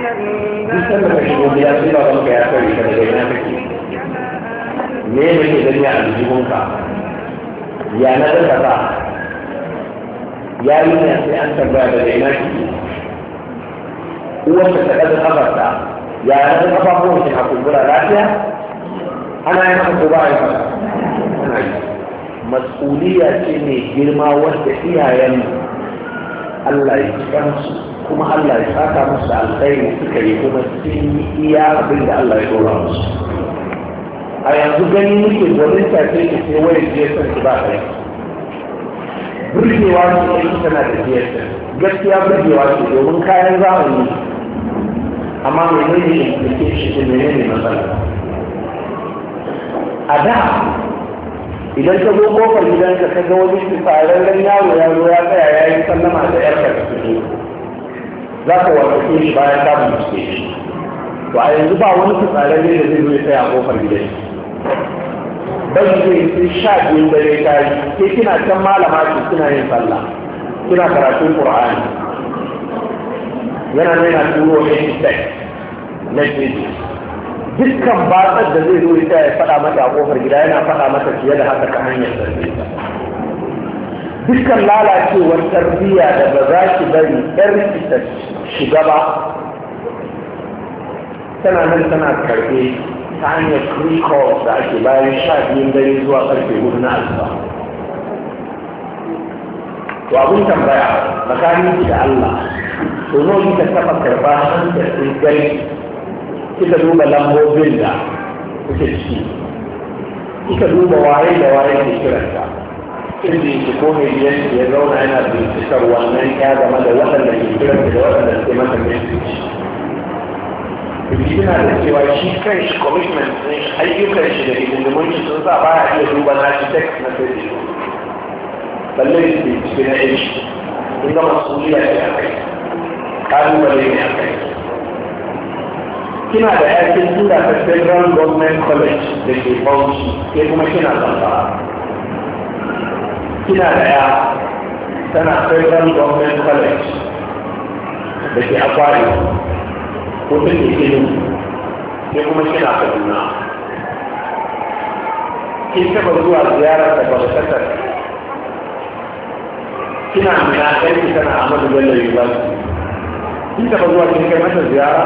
Dukkan da ya wanka ya ka daga ina kake. Me a Ya na da kaza? Ya yi ne sai an tambaya da ina kake. Uwarsa ta ɗaga kafarta. Ya na da a kumbura lafiya? Ana yi maka ko ba yi maka? Mas'uliya ce mai girma wadda iyayen Allah ya ci kansu kuma Allah ya saka musu alƙairi suka yi kuma sun yi iya abin da Allah ya dora musu a yanzu gani muke gwanin tafiye da ke sai jiya jiyarsa su ba ɗaya burgewa su ne ita tana da jiya jiyarsa gaskiya burgewa su domin kayan zamani amma mai ne da ke shi implication ne ne matsala a da idan ka zo kofar gidanka ka ga wani tsararren yaro ya zo ya tsaya ya yi sallama da yarka ta fito za ka warkake shi bayan ka bincike shi to a yanzu ba wani ne da zai zo ya tsaya kofar gidan ban zai sun sha biyun dare ta yi ke kina can malama ce kina yin sallah kina karatun qur'ani yana nuna turo ne text messages dukkan batsar da zai zo ya tsaya ya faɗa mata a kofar gida yana faɗa mata fiye da haka ta hanyar sarfe dukkan lalacewar tarbiyya da ba za ki bari yar ta shiga ba tana nan tana karɓe ta hanyar recall da ake bayan sha biyun dare zuwa karfe hudu na alfa to abin tambaya makamin ki da Allah to zo kika taɓa karɓa hankalin gari kika duba lambobin da kuke ciki kika duba waye da waye ke kiranta اللي تكون يدرون انا بالفكر والمان هذا ماذا وصل لكي يكون في الوقت الاسي ماذا بيجينا الاسي وايشي فرش كوميشمن اي يو فرش اللي من دمونش تنزع بها اي يجوبا ناشي تكس نفسي بلين بي بينا ايش بينا مصولية قالوا بلين كما بقى تنزل في الفيدرال جورنمنت كوليدج للديفونسي كيف ما كنا نظرها kina da ya tana federal government college da ke akwari ko ta ke yin ke kuma kina kaduna kin taba zuwa ziyarar da bautatar kina mina ɗanki tana amadu bello university kin taba zuwa kin kai mata ziyara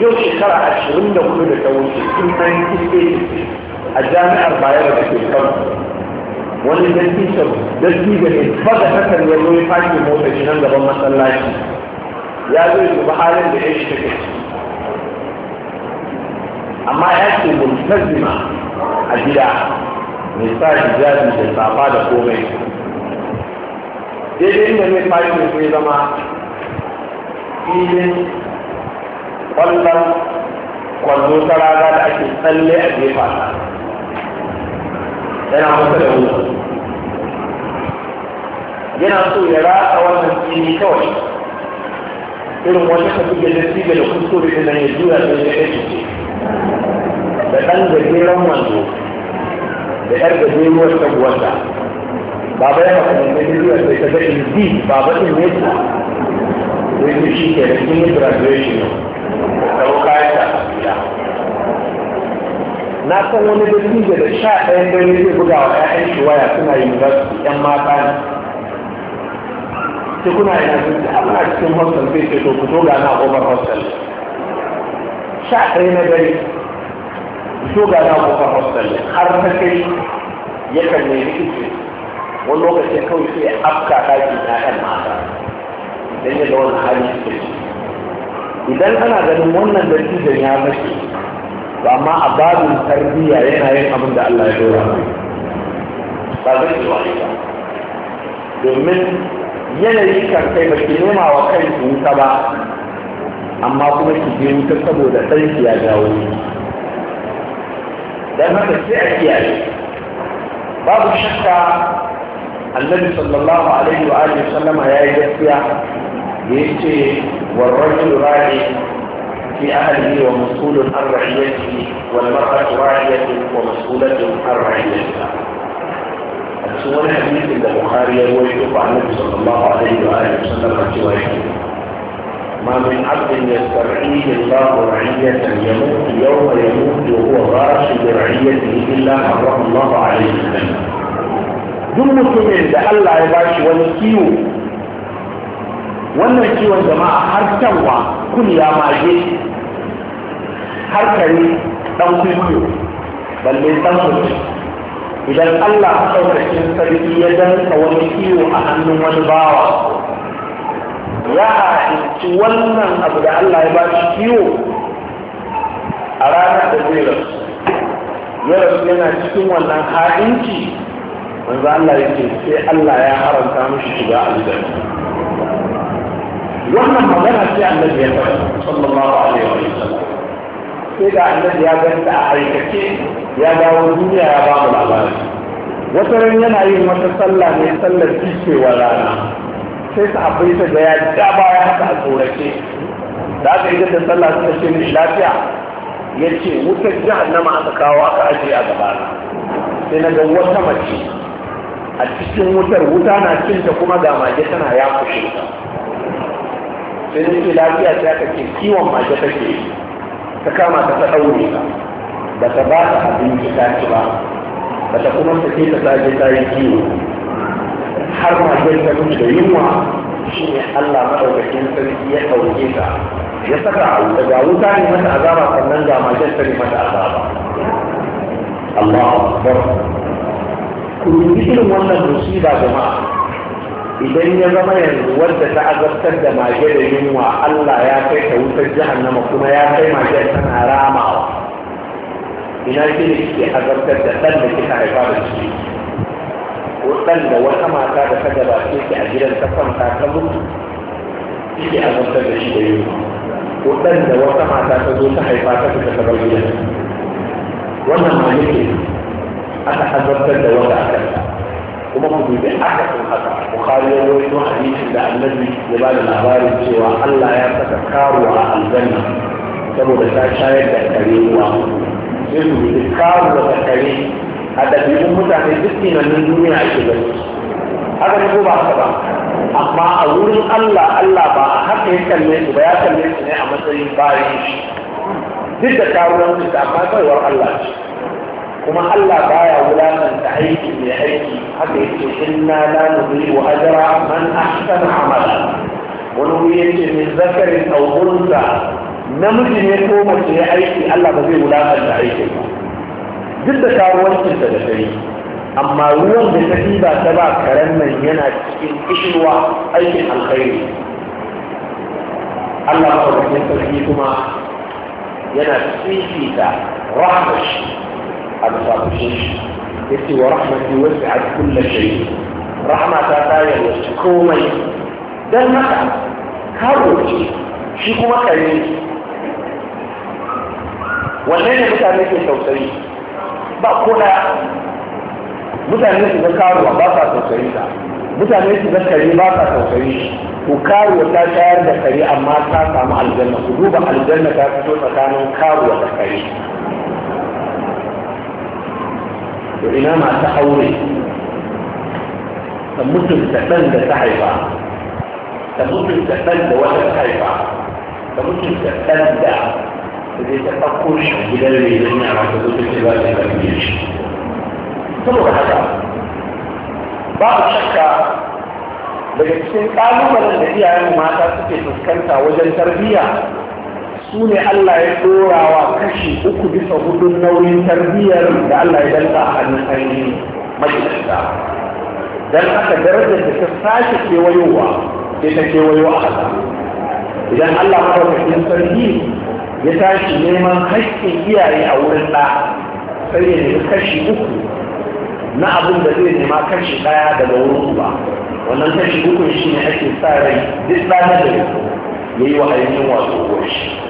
yau shekara ashirin da hudu da ta wuce tun nan a jami'ar bayar da ke kan wani dattijan da ne ba da hakan ya zo ya fashe mota shi nan gaban masallaci ya zo ya halin da ya shi take amma ya ce multazima a gida mai sa hijabi da safa da komai daidai inda mai fashe sai zama filin kwallon kwallo ta raga da ake tsalle a gefa yana masa da wuta yana so ya ratsa wannan fili kawai irin wani ka fi gajen siga da kuskure da nan ya jura da ya kai da ɗan gajeren wando da ɗan gajeruwar tabuwanta baba ya maka ne mai jura da ta ga indeed baba ɗin ne ta wani shi ke da kin graduation na san wani dattijo da sha ɗayan dare zai buga wa ƴaƴan shi waya suna yi za su ƴan mata ne sai kuna ina sun ce amma a cikin hostel zai ce to ku zo ga na over hostel sha ɗaya na dare ku zo ga na over hostel har ta kai kan nemi ice wani lokacin kawai sai afka na ƴaƴan mata idan ya da wani hali suke idan ana ganin wannan dattijon ya mace to amma a babin tarbiyya yana yin abin da Allah ya dora mai ba zai yi wani ba domin yanayi kan kai ba ki nema wa kai wuta ba amma kuma ki je wuta saboda ɗanki ya dawo dan haka sai a kiyaye babu shakka annabi sallallahu alaihi wa alihi sallama yayi gaskiya da yace warrajul ra'i في أهله ومسؤول عن رعيته والمرأة راعية ومسؤولة عن رعيتها السؤال الحديث عند البخاري يروي عن النبي صلى الله عليه وآله وسلم روايته ما من عبد يسترعيه الله رعية يموت يوم يموت وهو غاش برعيته إلا حرم الله عليه وسلم duk mutumin da Allah ya wannan ciwon jama'a har kyanwa kun ya mage har kare dan kuyo balle san mutum idan Allah maɗaukakin sarki ya danta wani kiwo a hannun wani bawa ya haɗinci wannan abu da Allah ya ba shi kiwo a ranar da zai rasu ya rasu yana cikin wannan haɗinci wanzu Allah ya ce sai Allah ya haramta mashi shiga aljanna wannan magana ce annabi ya faɗa sallallahu alaihi wa sallam sai da annabi ya ganta a aikace ya dawo duniya ya ba mu labari wata ran yana yin wata sallah ne sallar cewa rana sai abai ta ga ya ja baya haka a tsorace da aka yi da sallah suka ce ni lafiya ya ce wutar jahannama aka kawo aka ajiye a gaba sai na ga wata mace a cikin wutar wuta na cinta kuma ga mage tana ya kushe sai zai lafiya ta ka ce kiwon mace take yi ta kama ta ta ɗaure ka ba ta ba ta abinci ta ci ba ba ta kuma ta ce ta saje ta yi kiwo har ma zai ta mutu da yunwa shi ne Allah maɗaukakin sarki ya ɗauke ta ya saka a wuta ga wuta ne mata azaba sannan ga mace ta ne mata azaba Allah akbar ku yi irin wannan musiba jama'a idan ya zama yanzu wadda ta azabtar da mage da yunwa Allah ya kai ta wutar jahannama kuma ya kai mage tana ramawa ina shi ne ke azabtar da ɗan da kika haifa da shi ko ɗan da wata mata da ta gabace ki a gidan ta kwanta ta mutu shi azabtar da shi da yunwa ko ɗan da wata mata ta zo ta haifa ta fita ta bar gidan wannan ma yake aka azabtar da wata aka kuma mu dubi akasin haka bukari ya rawaito hadisin da annabi ya ba da labarin cewa Allah ya saka karuwa a aljanna saboda ta shayar da kare ruwa sai su dubi karuwa da kare a ɗabi'un mutane duk tunanin duniya ake gani haka ne ko ba haka ba amma a wurin Allah Allah ba a haka ya kalle su ba ya kalle su ne a matsayin bayan shi duk da karuwanci da amma baiwar Allah ce kuma Allah baya wulakanta aiki mai aiki haka yake inna la nudhi'u ajra man ahsana amala wani wuri yake min zakarin aw unsa namiji ne ko mace ya aiki Allah ba zai wulakanta aikin ba duk da karuwancin da kai amma ruwan da ta ba ta ba karen nan yana cikin kishirwa aikin alkhairi Allah ba sarki kuma yana fifita rahmashi يسي ورحمة وسعت كل شيء رحمة تاتايا وشكومي ده المتع كاروش شكو مكاني والمين متى نسي توسعي بقونا متى نسي بكارو باطا توسعي متى نسي بكاري باطا توسعي وكارو تاتايا دكاري أما تاتا مع الجنة قدوبة الجنة تاتا تاتا كارو تاتايا وإنها مع التحوري فالمسلم تحتاج لتحي بعض فالمسلم تحتاج لوجه تحي بعض فالمسلم تحتاج لذي تفكر شعبه للي يجمع مع تدوث الكبار الكبير صلوا هذا بعض الشكة بجد سنقالوا من الذي يعلم يعني ما تأتي في تسكنتا وجه التربية su ne Allah ya dora wa kashi uku bisa hudun nauyin tarbiyyar da Allah ya danta a hannun ainihin majalisa don haka darajar da ta sake kewayowa sai ta kewayo a haka idan Allah madaukakin sarki ya tashi neman haƙƙin iyaye a wurin ɗa sai ya nemi kashi uku na abin da zai nema kashi ɗaya daga wurin uba wannan kashi uku shi ne ake sa rai duk ɗa na da ya yi wa ainihin wato uwar shi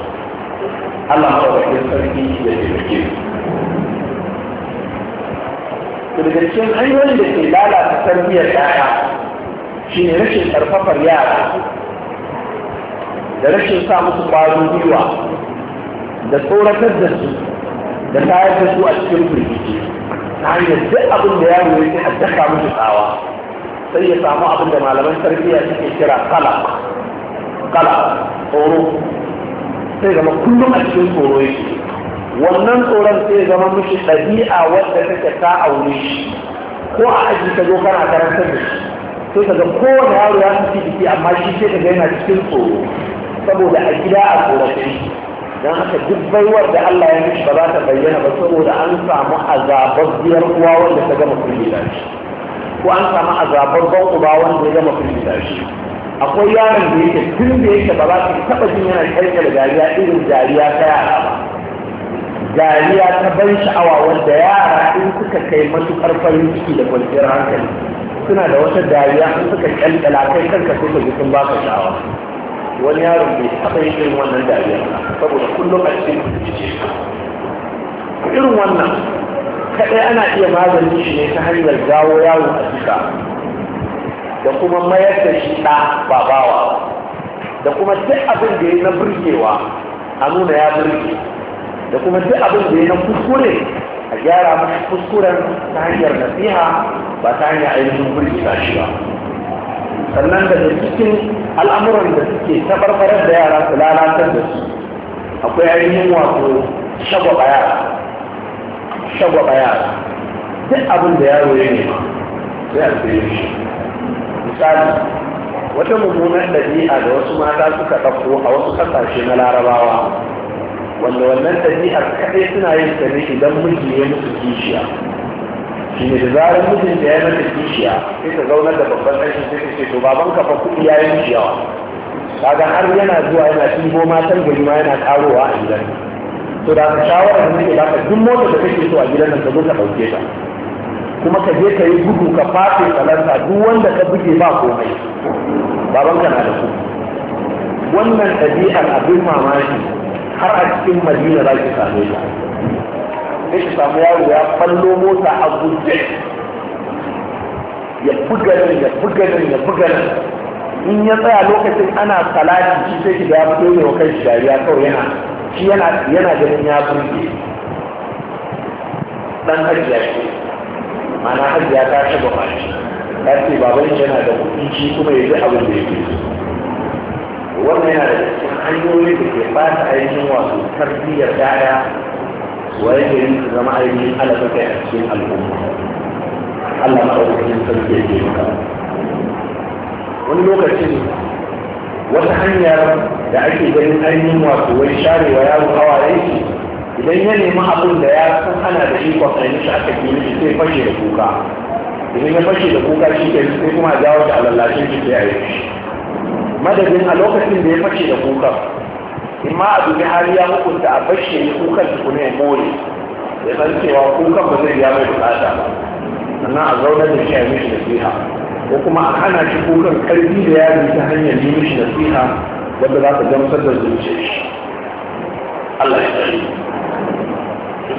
Allah maɗaukakin sarki da jirgi daga cikin hanyoyin da ke lalata tarbiyyar yaya shi ne rashin ƙarfafar yara da rashin sa musu ƙwazo gwiwa da tsoratar da su da tayar da su a cikin firgici ta hanyar duk abin da yaro ke haddaka musu tsawa sai ya samu abin da malaman tarbiyya suke kira kala kala tsoro sai zama kullum a cikin tsoro yake wannan tsoron sai zama mishi ɗabi'a wadda take ta aure shi ko a aji ka zo kana karantar da shi sai ka ga kowane yaro ya fi jiki amma shi sai ka ga yana cikin tsoro saboda a gida a tsorace don haka duk baiwar da Allah ya mishi ba za ta bayyana ba saboda an samu azababbiyar uwa wanda ta gama firgita shi ko an samu azababban uba wanda ya gama firgita shi akwai yaron da yake tun da yake ba za ka taɓa jin yana kyalkyala dariya irin dariya ta yara ba dariya ta ban sha'awa wanda yara in suka kai matuƙar farin ciki da kwanciyar hankali suna da wata dariya in suka kyalkyala kai kanka sai ka ji sun ba ka sha'awa wani yaron bai taɓa yin irin wannan dariya saboda kullum a cikin irin wannan kaɗai ana iya maganin shi ne ta hanyar gawo yawon a da kuma mayar da shi ɗa ba bawa da kuma duk abin da ya na burgewa a nuna ya burge da kuma duk abin da ya na kuskure a gyara mashi kuskuren ta hanyar nasiha ba ta hanyar ainihin ta shi ba sannan daga cikin al'amuran da suke tabarbarar da yara su lalatar da su akwai ainihin wato shagwaba yara shagwaba yara duk abin da yaro ya nema sai a tsaye shi misali wata mummunar ɗabi'a da wasu mata suka ɗauko a wasu kasashe na larabawa wanda wannan ɗabi'ar kaɗai suna yin ta ne idan miji ya mutu kishiya shi ne da zarar mijin da ya mata kishiya sai ka zaunar da babban ɗan sai ta ce to baban ka fa kuɗi ya yi kishiyawa kaga har yana zuwa yana ɗibo matan gari ma yana ƙarowa a gidan to da ka shawarar da nake baka duk motar da kake so a gidan nan ka zo ka ɗauke ta kuma ka je ka yi gudu ka fafe tsalarsa duk wanda ka buge ba komai baban ka na da su wannan ɗabi'ar abin mamaki har a cikin madina za ki same ta sai ki samu yaro ya fallo mota a guje ya buga nan ya buga nan ya buga nan in ya tsaya lokacin ana salati shi sai ki ga ya fito ne wa kan shari'a kawai yana shi yana ganin ya burge dan hajiya shi mana hajiya ta taba mashi ta ce baban yana da kuɗi kuma ya ji abin da yake wannan yana da cikin hanyoyi da ke ba ta ainihin wasu tarbiyyar daya wa ke yin su zama ainihin alaƙa kai a cikin al'umma Allah maɗaukakin sarki ya ke maka wani lokacin wata hanyar da ake ganin ainihin wasu wani sharewa yaro yake idan ya nemi abin da ya san ana da ikon ainihin aka ke shi sai fashe da kuka idan ya fashe da kuka shi ke sai kuma a jawo da alallashin shi sai a yi madadin a lokacin da ya fashe da kuka in ma a dubi hali ya hukunta a fashe ya kukan tukuna ya more ya san cewa kuka ba zai ya mai bukata ba sannan a zaunar da shi a mishi nasiha ko kuma a hana shi kukan karfi da ya ta hanyar yi mishi nasiha wanda za ta gamsar da zuciyar shi Allah ya tsare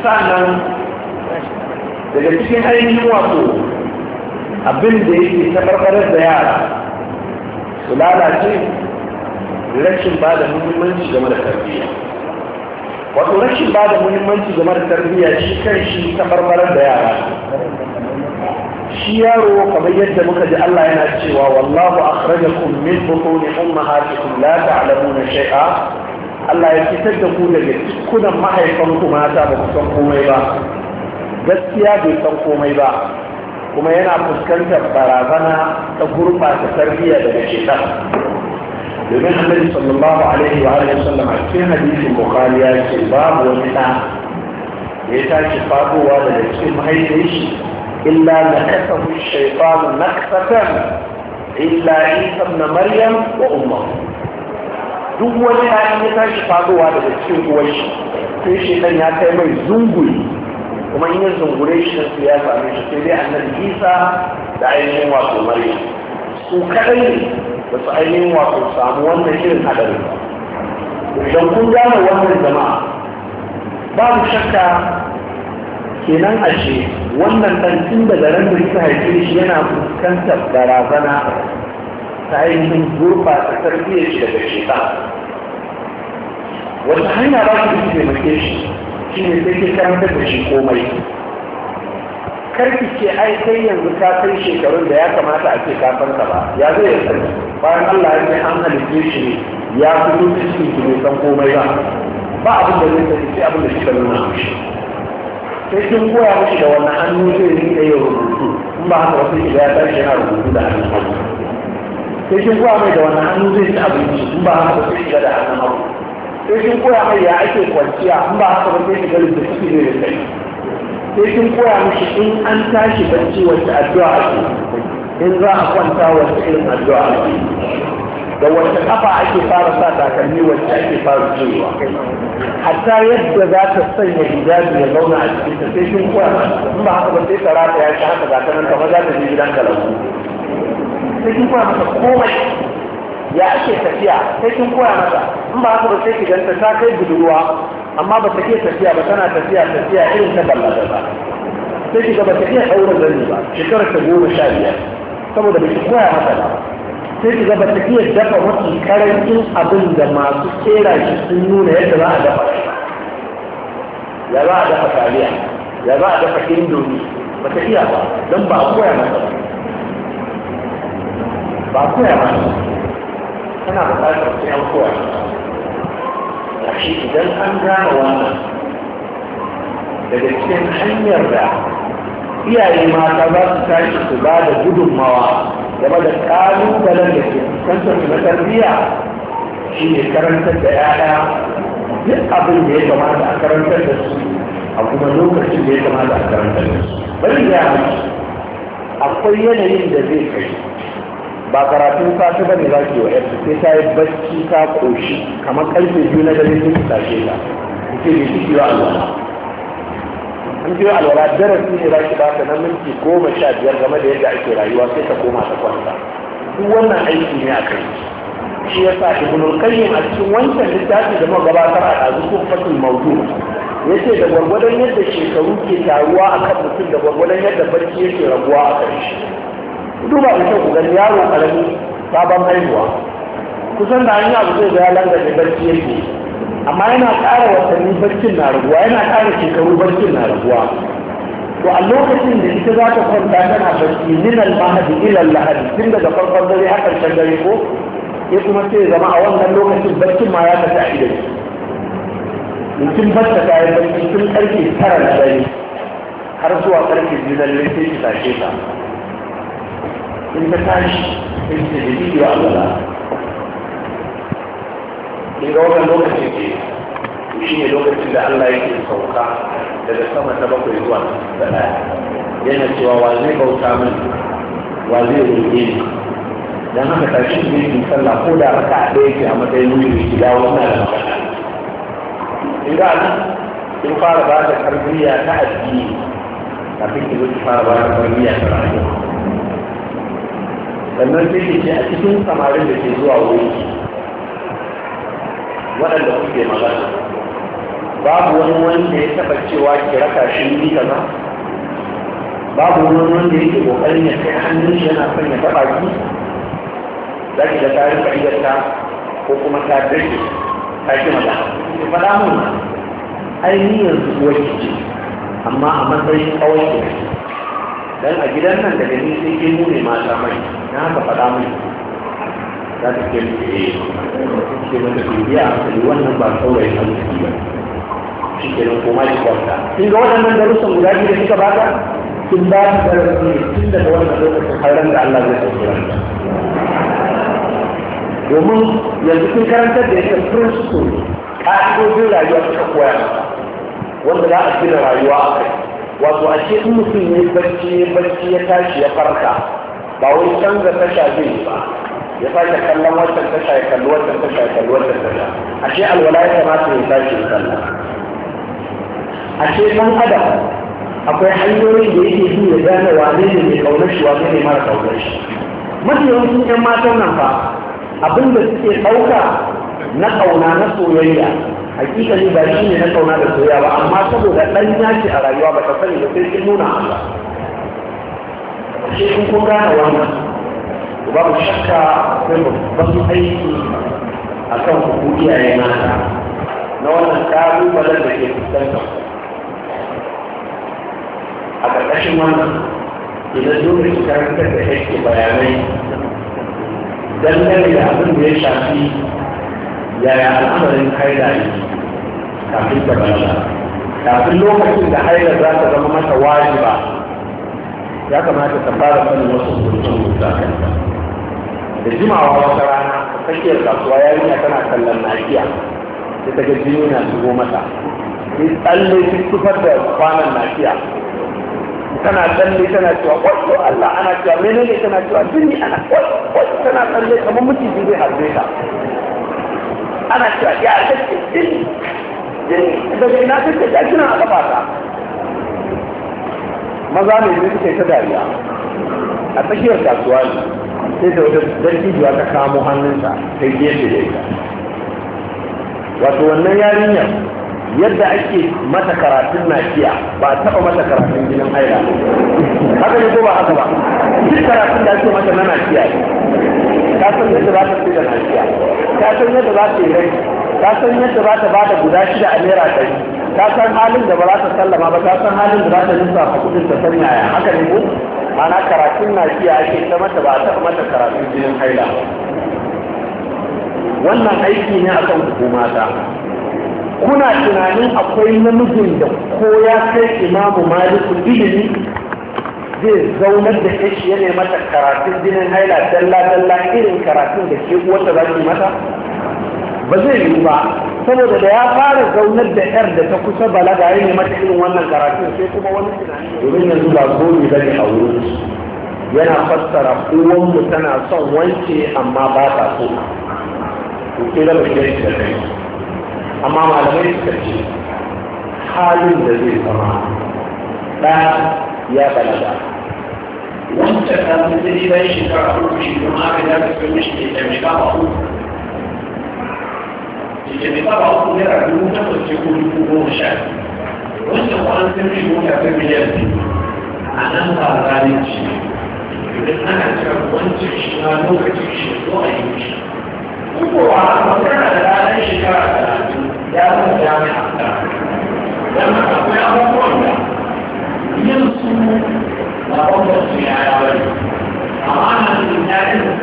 sannan daga cikin ainihin wato abin da yake ta barbarar da yara su lalace rashin ba da muhimmanci game da tarbiyya wato rashin ba da muhimmanci game da tarbiyya shi kan shi ta barbarar da yara shi yaro kamar yadda muka ji Allah yana cewa wallahu akhrajakum min butuni ummahatikum la ta'lamuna shay'a Allah ya fitar da ku daga kudan mahaifanku mata ba ku san komai ba gaskiya bai san komai ba kuma yana fuskantar barazana ta gurɓata tarbiyya daga shekar domin annabi sallallahu alaihi wa alihi sallam a cikin hadisin bukhari ya ce babu wani ɗa da ya tashi fadowa daga cikin mahaifin shi illa na kasahu shaytanu nakasatan illa isa ibn maryam wa ummuhu duk wani na ya tashi faruwa daga cikin uwar shi sai shi dan ya kai mai zunguri kuma in zungure shi su ya same shi sai dai annabi isa da ainihin wato mariya su kadai ne ba su ainihin wato samu wannan irin hadarin idan kun gane wannan jama'a babu shakka kenan ashe wannan dan tun daga ran da haife shi yana fuskantar barazana ta ainihin ta tarbiyyar shi daga shekara wata hanya ba su taimake shi shi ne sai ke karanta da shi komai karki ce ai sai yanzu ka kai shekarun da ya kamata a ce kafin ka ba ya zai yi sani bayan Allah ya an halitta shi ne ya fito cikin ki bai san komai ba ba abin da zai tafi sai abin da shi kika nuna shi. sai kin goya mashi da wannan hannu zai yi yin rubutu in ba haka wasu ya tashi yana rubutu da hannun hannu sai shi kuwa mai da wani hannu zai ci abinci in ba haka sai shiga da hannun hagu sai shi kuwa mai ya ake kwanciya in ba haka ba sai shiga da suke zai da yi sai shi mai mishi in an tashi bacci wacce addu'a ake in za a kwanta wacce irin addu'a ake da wacce kafa ake fara sa takalmi wacce ake fara cewa hatta yadda za ta sanya hijabi ya zauna a cikin ta sai shi kuwa in ba haka ba sai ta rata ya shi haka ga ta nan kama za ta je gidan kalamu sai kin koya masa komai ya ake tafiya sai kin koya masa in ba haka ba sai ki ganta ta kai budurwa amma ba ta ke tafiya ba tana tafiya tafiya irin ta ballada ba sai ki ga ba ta iya ɗaura zani ba shekarar ta goma sha biyar saboda ba ki koya masa ba sai ki ga ba ta iya dafa mafi karancin abin da masu kera shi sun nuna yadda za a dafa ya za a dafa taliya ya za a dafa indomi ba ta iya ba don ba a koya masa ba ba ku ya ba Kana da tsarin sai an koya a shi idan an gane wannan daga cikin hanyar da iyaye mata za su tashi su ba da gudunmawa game da ƙalubalen da ke kusantar su na tarbiyya shi ne karantar da 'ya'ya duk abin da ya kamata a karantar da su a kuma lokacin da ya kamata a karantar da su bari ya akwai yanayin da zai kai ba karatun sashi ba ne za ki wa sai ta yi bacci ta koshi kamar karfe biyu na dare sun tashe ta ku ce bai kiyo alwala an kiyo alwala darasi ne za ki ba na minti goma sha biyar game da yadda ake rayuwa sai ta koma ta kwanta duk wannan aiki ne a kai shi ya sa ibnul qayyim a cikin wancan littafi da muka gabatar a azukun fatul mawdu yace da gwargwadon yadda shekaru ke taruwa akan mutum da gwargwadon yadda barci yake raguwa a kan ku duba da kyau ku yaro karami sabon haihuwa kusan da hanyar abu zai ga ya da barci yake amma yana kara watanni barcin na raguwa yana kara shekaru barcin na raguwa to a lokacin da ita za ta kwanta tana barci min mahadi ila lahadi tun daga farkon dare har karshen dare ko ya kuma sai zama a wannan lokacin barcin ma ya tafi a idan mutum barta ta yi barci tun karfe tara na dare har zuwa karfe biyu na lalle ta انت تعيش في السجدين ولا لا يقول لغة كيف وشي لغة اللي قال لها يكي الصوكا لذا سمع تبقى يقوان بلا يانا سوى وزيبه وتعمل وزيبه الدين لانا متعشين بيك نسلع قولة ركع بيك اما تينوي بيكي لا وانا لا مقال إذا قال بعد الحربية تعد دين لكن تقول تفار بعد الحربية تعد دين sannan sai ke a cikin samarin da ke zuwa wuri waɗanda kuke magana babu wani wanda ya taɓa cewa ke raka shi ni kaza babu wani wanda ya ke ƙoƙarin ya kai hannun shi yana son ya taɓa ki za ki ga tarin fa'idar ko kuma ta dace ta ki magana ki faɗa mun ai ni yanzu uwar ki ce amma a matsayin kawai ki dan a gidan nan daga ni sai ke nune mata mai na haka faɗa mai za ta ke nufi yi ke mata bibiya a kai wannan ba saurayin arziki ba shi ke nan koma shi kwanta sun ga waɗannan darussan guda biyu da suka baka sun ba su darasi tun daga wannan lokacin har ran da Allah zai sauke ranka domin yanzu sun karantar da yadda principle ka'idojin rayuwa suka koya wanda za a gina rayuwa a kai wato a ce mutum ne barci ya barci ya tashi ya farka ba wai canza tasha zai ba ya sake kallon wancan tasha ya kalli wancan tasha ya kalli wancan tasha a ce alwala ya kamata ya tashi ya kalla a ce ɗan adam akwai hanyoyin da yake bi ya gane wane ne mai kaunar shi wane ne mara kaunar shi mafi yawancin ƴan matan nan fa abin da suke ɗauka na ƙauna na soyayya hakika ne ba shi ne na kauna da soya ba amma saboda ɗan yaki a rayuwa ba ta sani ba sai kin nuna Allah shi kun kun gane wannan babu shakka akwai babban aiki a kan ku iyaye mata na wannan ƙalubalen da ke fuskanta a ƙarƙashin wannan idan dole ki karantar da yake bayanai dangane da abin da ya shafi yaya al'amarin haila ne kafin ta balaga kafin lokacin da haila za ta zama mata wajiba ya kamata ta fara sanin wasu hukuncin kanta da jimawa wata rana a tsakiyar kasuwa yarinya tana kallon nakiya sai ta ga jini na shigo mata sai tsalle shi tufar da kwanan nakiya tana tsalle tana cewa wato Allah ana cewa menene tana cewa jini ana wato tana tsalle kamar mutum zai harbe ta ana cewa ya kake jini jini daga ina kake da kina a kafa ta maza ne ne suke ta dariya a tsakiyar kasuwa ne sai da wata dattijuwa ta kamo hannunsa ta yi gefe da ita wato wannan yarinyar yadda ake mata karatun nakiya ba a taɓa mata karatun ginin haila haka ne ko ba haka ba duk karatun da ake mata na nakiya ne ka san yadda za ta da ka san yadda za ta yi rai ka san yadda za ta bada guda shida a naira ɗari ka san halin da ba za ta sallama ba ka san halin da za ta nufa a kudin ta sanya ya haka ne ko ana karatun na ake ta mata ba a taɓa mata karatun jinin haila wannan aiki ne akan hukuma ta kuna tunanin akwai namijin da ko ya kai imamu maliku ilimi zai zaunar da shi ya nema mata karatun jinin haila dalla dalla irin karatun da ke uwarta za ki mata ba zai yi ba saboda da ya fara zaunar da yar da ta kusa balaga ya nema mata irin wannan karatun sai kuma wani tunani domin yanzu ba gobe bane a wurin yana fassara uwanmu tana son wance amma ba ta so ku kira da shi da kai amma malamai suka ce halin da zai zama ɗaya يا بلدا وانت كان في ديني شكرا كل شيء ما بدا في مشكله ما هو في كان في ديني شكرا كل شيء ما بدا في مشكله ما هو في كان في ديني شكرا كل شيء ما بدا في مشكله ما هو في كان في ديني شكرا كل شيء ما بدا في مشكله ما هو في كان في ديني شكرا كل شيء ما بدا في ينصر وقدرته على وجهه أمانة الإنسان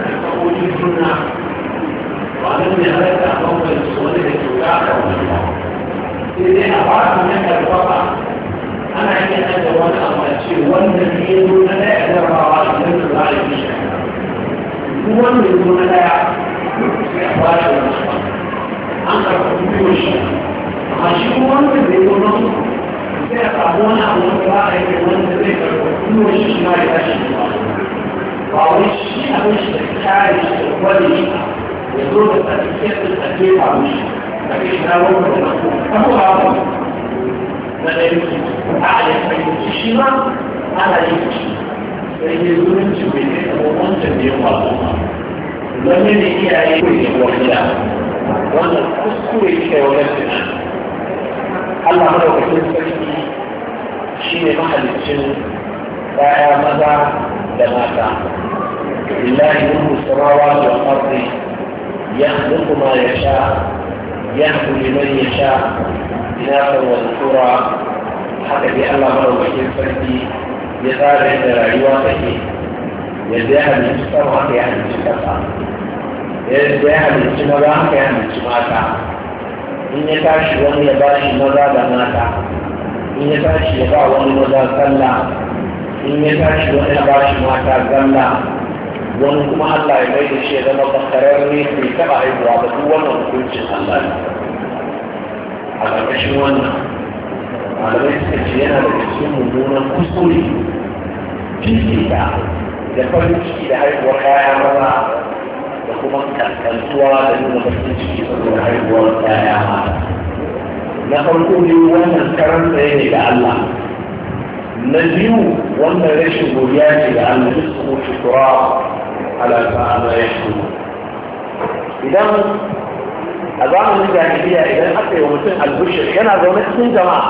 maza haka ya mace mata in ya tashi wani ya bashi maza da mata in ya tashi ya ba wani maza sallah in ya tashi wani ya bashi mata zalla wani kuma Allah ya mai da shi ya zama bakararre bai taɓa haihuwa ba duk wannan hukuncin Allah ne a ƙarƙashin wannan malamai suka ce yana da cikin mummunan kuskure fifita da farin ciki da haihuwar kaya maza kuma kasantuwa da nuna bakin ciki saboda haihuwar ɗaya mata na farko ne wannan karan tsaye ne da Allah na biyu wannan rashin godiya ce da Allah duk su mutu tura ala ta'ala ya shi idan a zamanin jahiliya idan aka yi mutum albushir yana zaune cikin jama'a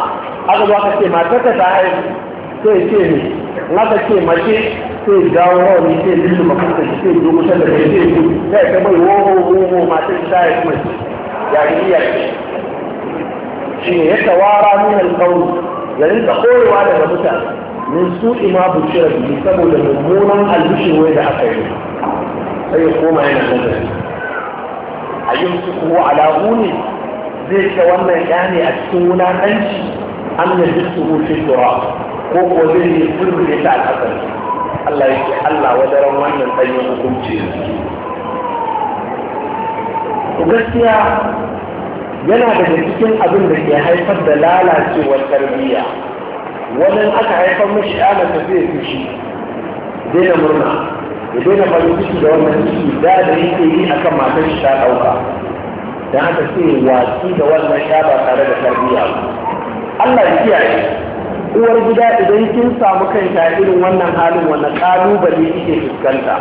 aka zo aka ce matarka ta haihu sai ce ne in aka ce mace sai dawo nawa ne sai lullu mafuta shi sai dogo sai da kai sai gudu sai ta mai wowo wowo masu ta ya kuma ya yi ya shi ne ya tawara min alƙawli ya rinka korewa daga mutane min su ima bushira biyu saboda mummunan albishirwai da aka yi sai ya koma yana nazari a yin su kuwa alamu ne zai ce wannan ya ne a cikin wulaƙanci an na jisu hufin tura ko kuwa zai yi fulgule ta al'asar Allah ya ce Allah wadaran wannan ɗanyen hukunci ku gaskiya yana daga cikin abin da ke haifar da lalacewar tarbiyya wannan aka haifar mashi ana zai fushi da murna ya da farin ciki da wannan ciki da da yake yi a kan matan shi ta ɗauka don haka sai watsi da wannan sha ba tare da tarbiyya Allah ya kiyaye uwar gida idan kin samu kanta irin wannan halin wanda kalubale kike fuskanta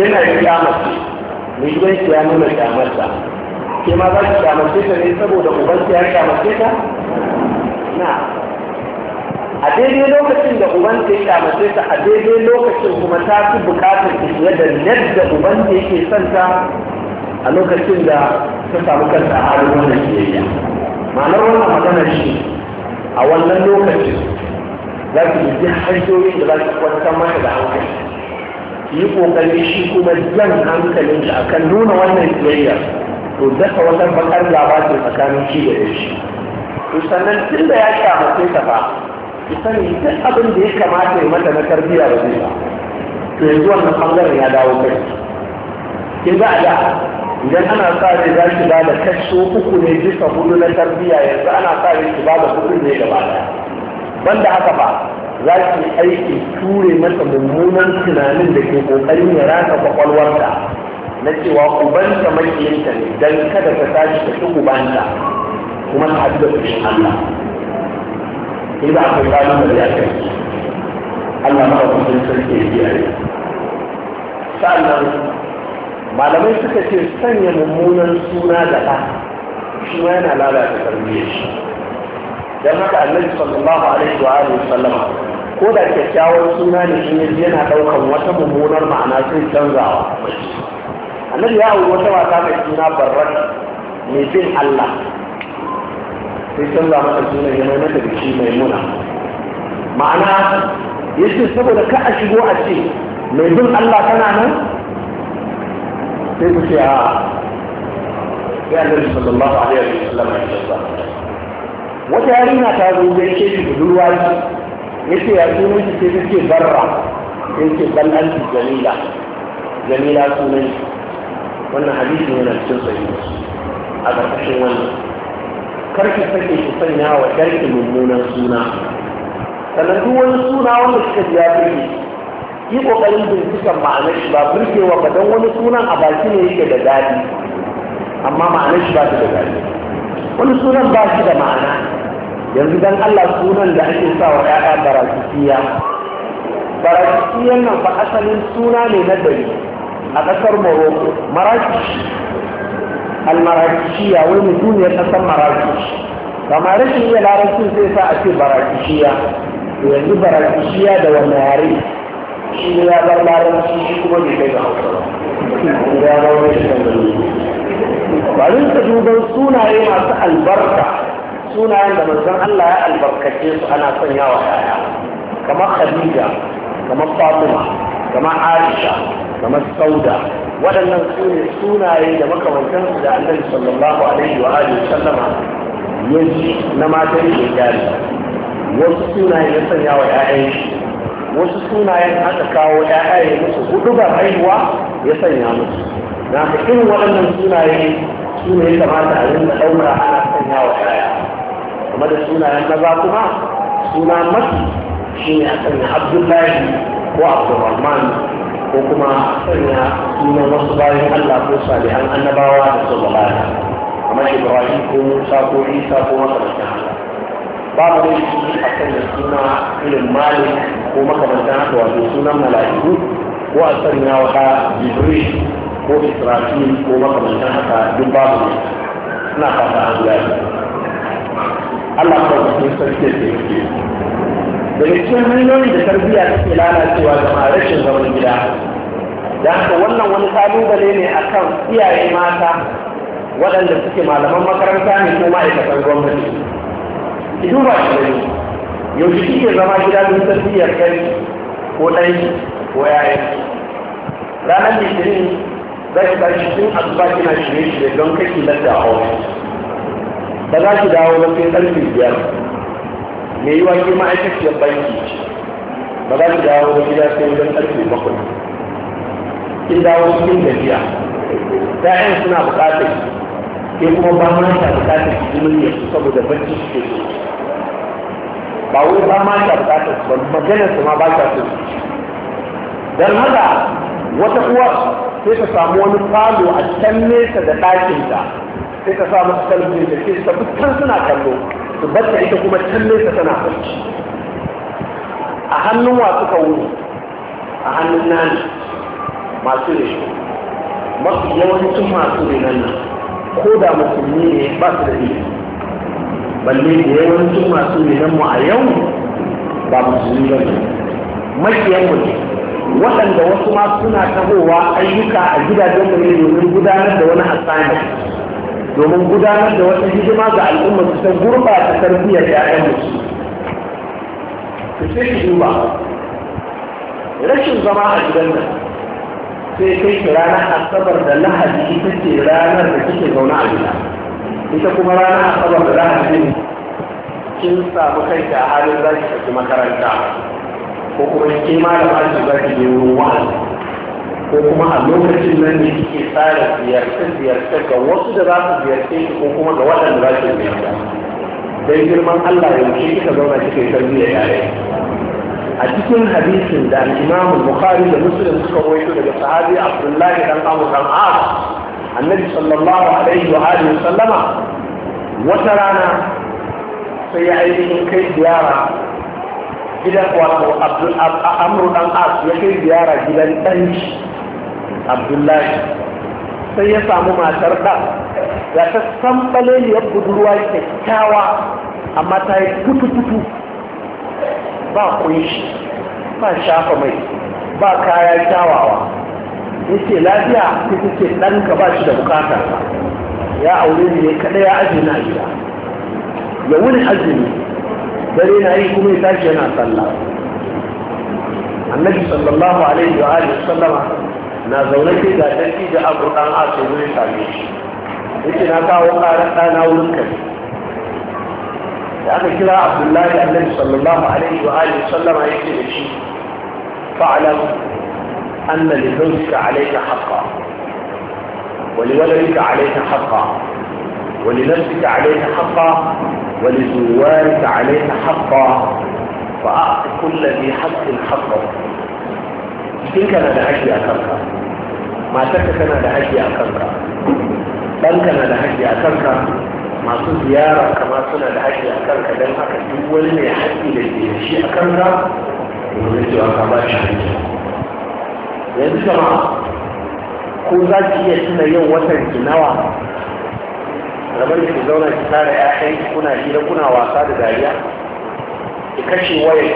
yana da kyamata mai gidan ki ya nuna kyamarta ke ma za ki kyamace ta ne saboda uban ki ya kyamace ta na a daidai lokacin da uban ta ya kyamace ta a daidai lokacin kuma ta fi bukatar ki fiye da yadda uban ta yake son ta a lokacin da ta samu kanta a halin wannan kiyayya ma'anar wannan magana shi a wannan lokacin za ki ji hanyoyin da za ki kwanta masa da hankali yi kokarin shi kuma jan hankalin da akan nuna wannan siyayya to dasa wata bakar labarin tsakanin shi da shi to sannan tun da ya kama sai ta ba ki sani duk abin da ya kamata ya mata na tarbiyya ba zai ba to yanzu wannan bangaren ya dawo kai ke za a da idan ana sa rai za su ba da kaso uku ne duka hudu na tarbiyya yanzu ana sa rai ki ba da hudu ne gaba daya banda haka ba za ki aiki ture masa mummunan tunanin da ke kokarin ya rasa kwakwalwarta na cewa ubanta makiyinta ne don kada ta tashi ta ci ubanta kuma ta haɗu da fushin Allah in ba akwai kalin da ya kai Allah ma ba kusan sarki ya biya sannan malamai suka ce sanya mummunan suna da ta, shi ma yana lalata tarbiyyar shi don haka annabi sallallahu alaihi wa alihi sallama ko da kyakkyawan suna ne shi ne yana daukan wata mummunar ma'ana sai canzawa annabi ya auri wata mata mai suna barrak mai bin Allah sai canza mata sunan mai mata biki shi mai muna ma'ana yace saboda ka a shigo a ce mai bin Allah tana nan تدفع النبي صلى الله عليه وسلم وتارينا تابو جيشي في دلوان يتي يأتوني تتبكي برا يتي بل أنت جميلة جميلة سنين وانا حديث من الجزء هذا فشي وانا كركي فكي تسنى وكركي ممونا سنة فلن دول سنة وانا شكت يا بيه yi kokarin bincikan ma'anar shi ba burgewa ba don wani sunan a baki ne yake da daɗi amma ma'anar shi ba ta da daɗi wani sunan ba shi da ma'ana yanzu dan Allah sunan da ake sa wa ƴaƴa barakisiya barakisiyan nan fa asalin suna ne na dari a ƙasar Morocco Marrakesh al-Marrakeshiya wai mutuniyar ƙasar Marrakesh kamar rashin iya larabcin sai sa a ce barakishiya yanzu barakishiya da wani yare shi ya bar larabci shi kuma bai kai ga hausa ba ya rawar shi kan gari bari ka duban sunaye masu albarka sunayen da manzon Allah ya albarkace su ana sanyawa yaya kamar Khadija kamar Fatima kamar Aisha kamar Sauda waɗannan su ne sunaye da makamantan da Annabi sallallahu alaihi wa alihi sallama ya ji na matan da jari wasu sunaye ya sanya wa 'ya'yan shi wasu sunayen aka kawo ya'ya ya musu hudu ba haihuwa ya sanya musu na irin waɗannan sunaye su ne ya kamata a rinka ɗaura ana sanya wa ya'ya kuma da sunayen maza kuma suna mafi shi ne a sanya abdullahi ko abdurrahman ko kuma a sanya sunan wasu bayan allah ko salihan annabawa da sallallahu alaihi kamar ibrahim ko musa ko isa ko makamantan babu shi a kan suna irin mali ko makamanta haka wato sunan mala'iku ko a ya wata jibril ko israfil ko makamanta haka duk babu ne suna fata an gani Allah ka wasu sarki da yake daga cikin hanyoyin da tarbiyya ke lalacewa ma rashin zaman gida da haka wannan wani kalubale ne a kan iyaye mata waɗanda suke malaman makaranta ne ko ma'aikatan gwamnati duba shi da yaushe shi ke zama gida don tarbiyyar kai ko ɗan ko yayan ranar litinin za ki ba shi tun asuba kina shirye shirye don kake da a ba za ki dawo ba sai ƙarfe biyar me yiwa ke ma'aikaciyar banki ba za ki dawo ba gida sai don ƙarfe bakwai kin dawo cikin gajiya 'ya'yan suna buƙatar sai kuma ba ma ta ta su mulki su saboda barci su ke so ba wai ba ma ta ta ta ba maganar su ma ba ta so dan haka wata uwa sai ta samu wani falo a can nesa da ta sai ta samu kalbi da ke ta dukkan suna kallo su bata ita kuma can nesa tana barci a hannun wa suka wuni a hannun nani masu ne masu yawancin masu ne nan nan ko da musulmi ne ba su da ilimi balle da yawancin masu nemen mu a yau ba musulmi ba ne makiyan mu ne waɗanda wasu ma suna tahowa ayyuka a gidajen mu ne domin gudanar da wani assignment domin gudanar da wata hidima ga al'umma su ta gurɓata tarbiyyar ƴaƴan musu ku ce ki duba rashin zama a gidan nan sai kai shi ranar asabar da lahadi ita ce ranar da kike zaune a gida ita kuma ranar asabar da lahadi ne kin samu kanki a halin za ki tafi makaranta ko kuma ke malama ce za ki je wurin wa'azi ko kuma a lokacin nan ne kike tsara ziyarce-ziyarce ga wasu da za su ziyarce ki ko kuma ga waɗanda za su ziyarta dai girman Allah yanzu kika zauna kike tarbiyyar yare a cikin hadisin da al-imam bukhari da muslim suka rawaito daga sahabi abdullahi dan amr dan as annabi sallallahu alaihi wa alihi sallama wata rana sai ya ainihin kai ziyara gidan wato abdul amr dan as ya kai ziyara gidan danci abdullahi sai ya samu matar ɗan ya ta sambaleliyar budurwa kyakkyawa amma ta yi kutu-kutu ba kunshi ba shafa mai ba kaya kyawawa ya ce lafiya ta ce ɗanka ba shi da bukatar ya aure ne kaɗai ya ajiye na gida ya wuni azumi dare na yi kuma ya tashi yana sallah annabi sallallahu alaihi wa alihi sallama na zaune ke ga danki da abu ɗan aso wurin same shi ce na kawo ƙarar ɗana wurin kai يعني كده عبد الله النبي صلى الله عليه وآله وسلم يكتب شيء فاعلم أن لزوجك عليك حقا ولولدك عليك حقا ولنفسك عليك حقا ولزوارك عليك حقا فأعط كل ذي حق حقه إن كان لهجي أكرك ما شك كان لهجي أكرك بل كان لهجي أكرك masu ziyara kama suna da haƙƙi a kanka don haka duk wani mai haƙƙi da ke da shi a kanka domin cewa ka ba shi haƙƙi yanzu jama'a ko za ki iya tuna yau watan ki nawa rabar ki zauna ki tara ƴaƴan ki kuna hira kuna wasa da dariya ki kashe wayar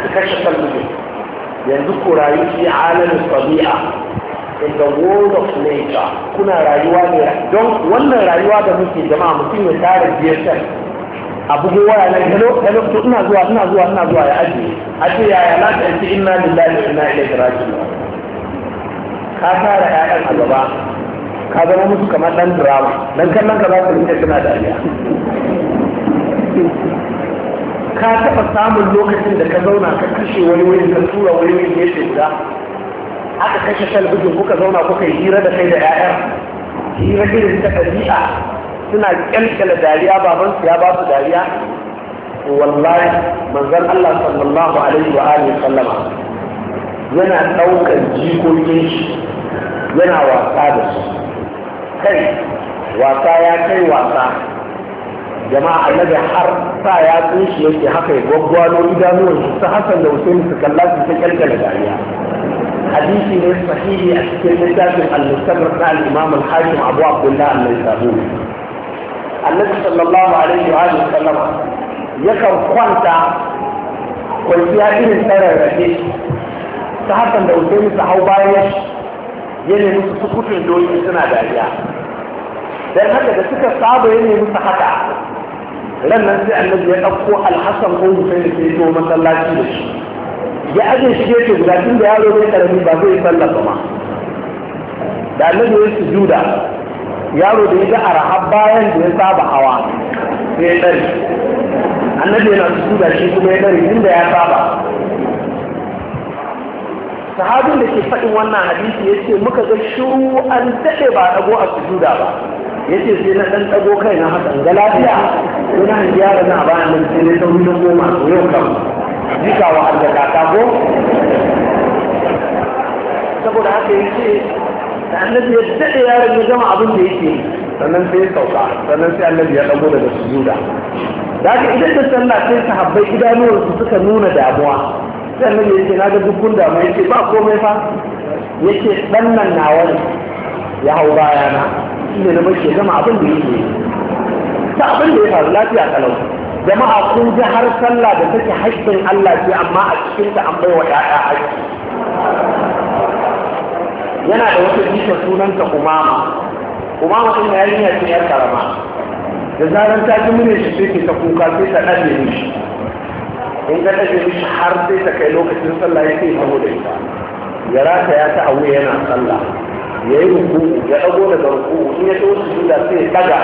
ki kashe talbijin yanzu ku rayu fi alamin tabi'a in the world of nature kuna rayuwa ne don wannan rayuwa da muke jama'a mutum ya tare biyar a bugu waya na hello hello to ina zuwa ina zuwa ina zuwa ya ajiye a ce yaya na ta ce inna lillahi wa inna ilaihi raji'un ka tara ƴaƴan a gaba ka zama musu kamar dan drama dan kallon ka za ka rinka suna dariya ka taɓa samun lokacin da ka zauna ka kashe wani wani ka tura wani wani ke guda aka kashe talbijin kuka zauna kuka yi hira da kai da 'ya'yan hira irin ta ɗabi'a suna kyalkyala dariya baban su ya ba su dariya wallahi manzon Allah sallallahu alaihi wa alihi sallama yana ɗaukar jikokin shi yana wasa da su kai wasa ya kai wasa jama'a annabi har sa ya tsinshi yake haka ya gwaggwano idanuwan su ta hasan da usaini su kalla su ta kyalkyala dariya حديث من صحيح الكتاب المستمر مع الامام الحاكم ابو عبد الله النيسابوري النبي صلى الله عليه واله وسلم يكره خوانتا كنتي هذه السنه الرئيس صحابة لو كانت صحابة يش يلي نص سكوت الدول في السنة دارية لأن هذا بسكة صعبة يلي نص حتى لما نسال النبي أبقو الحسن قوم في الكيتو مثلا لا تيش ya ajin shi yake guda tun da yaro mai karami ba zai sallaka ba ma da annabi ya juda yaro da ya ga arahab bayan da ya saba hawa sai ya dare annabi yana juda shi kuma ya dare inda ya saba sahabin da ke faɗin wannan hadisi ya ce muka ga shiru an daɗe ba a ɗago a su juda ba ya ce sai na ɗan ɗago kai na hakan ga lafiya yana yaron na bayan nan sai na sauri na goma yau kan jikawa Allah ta kago saboda haka yake da annabi ya daɗe yaron ya gama abin da yake sannan sai ya sauka sannan sai annabi ya ɗago daga sujuda da haka idan da sallah sai sahabbai idanuwarsu suka nuna damuwa sai annabi yake na ga dukkan damuwa yake ba komai fa yake ɗan nan nawa ne ya hau bayana shi ne na mace gama abin da yake ta abin da ya faru lafiya kalau jama'a kun ji har sallah da take haƙƙin Allah ce amma a cikin ta an bai wa ƴaƴa haƙƙi yana da wata jita sunan ta umama umama din yarinya ce yar karama da zaran ta ji mune shi sai ta kuka sai ta ɗaje shi in ka dace shi har sai ta kai lokacin sallah yake ce saboda ita yara ta ya ta a yana sallah ya yi ruku ya dago daga ruku in ya so su juda sai ya daga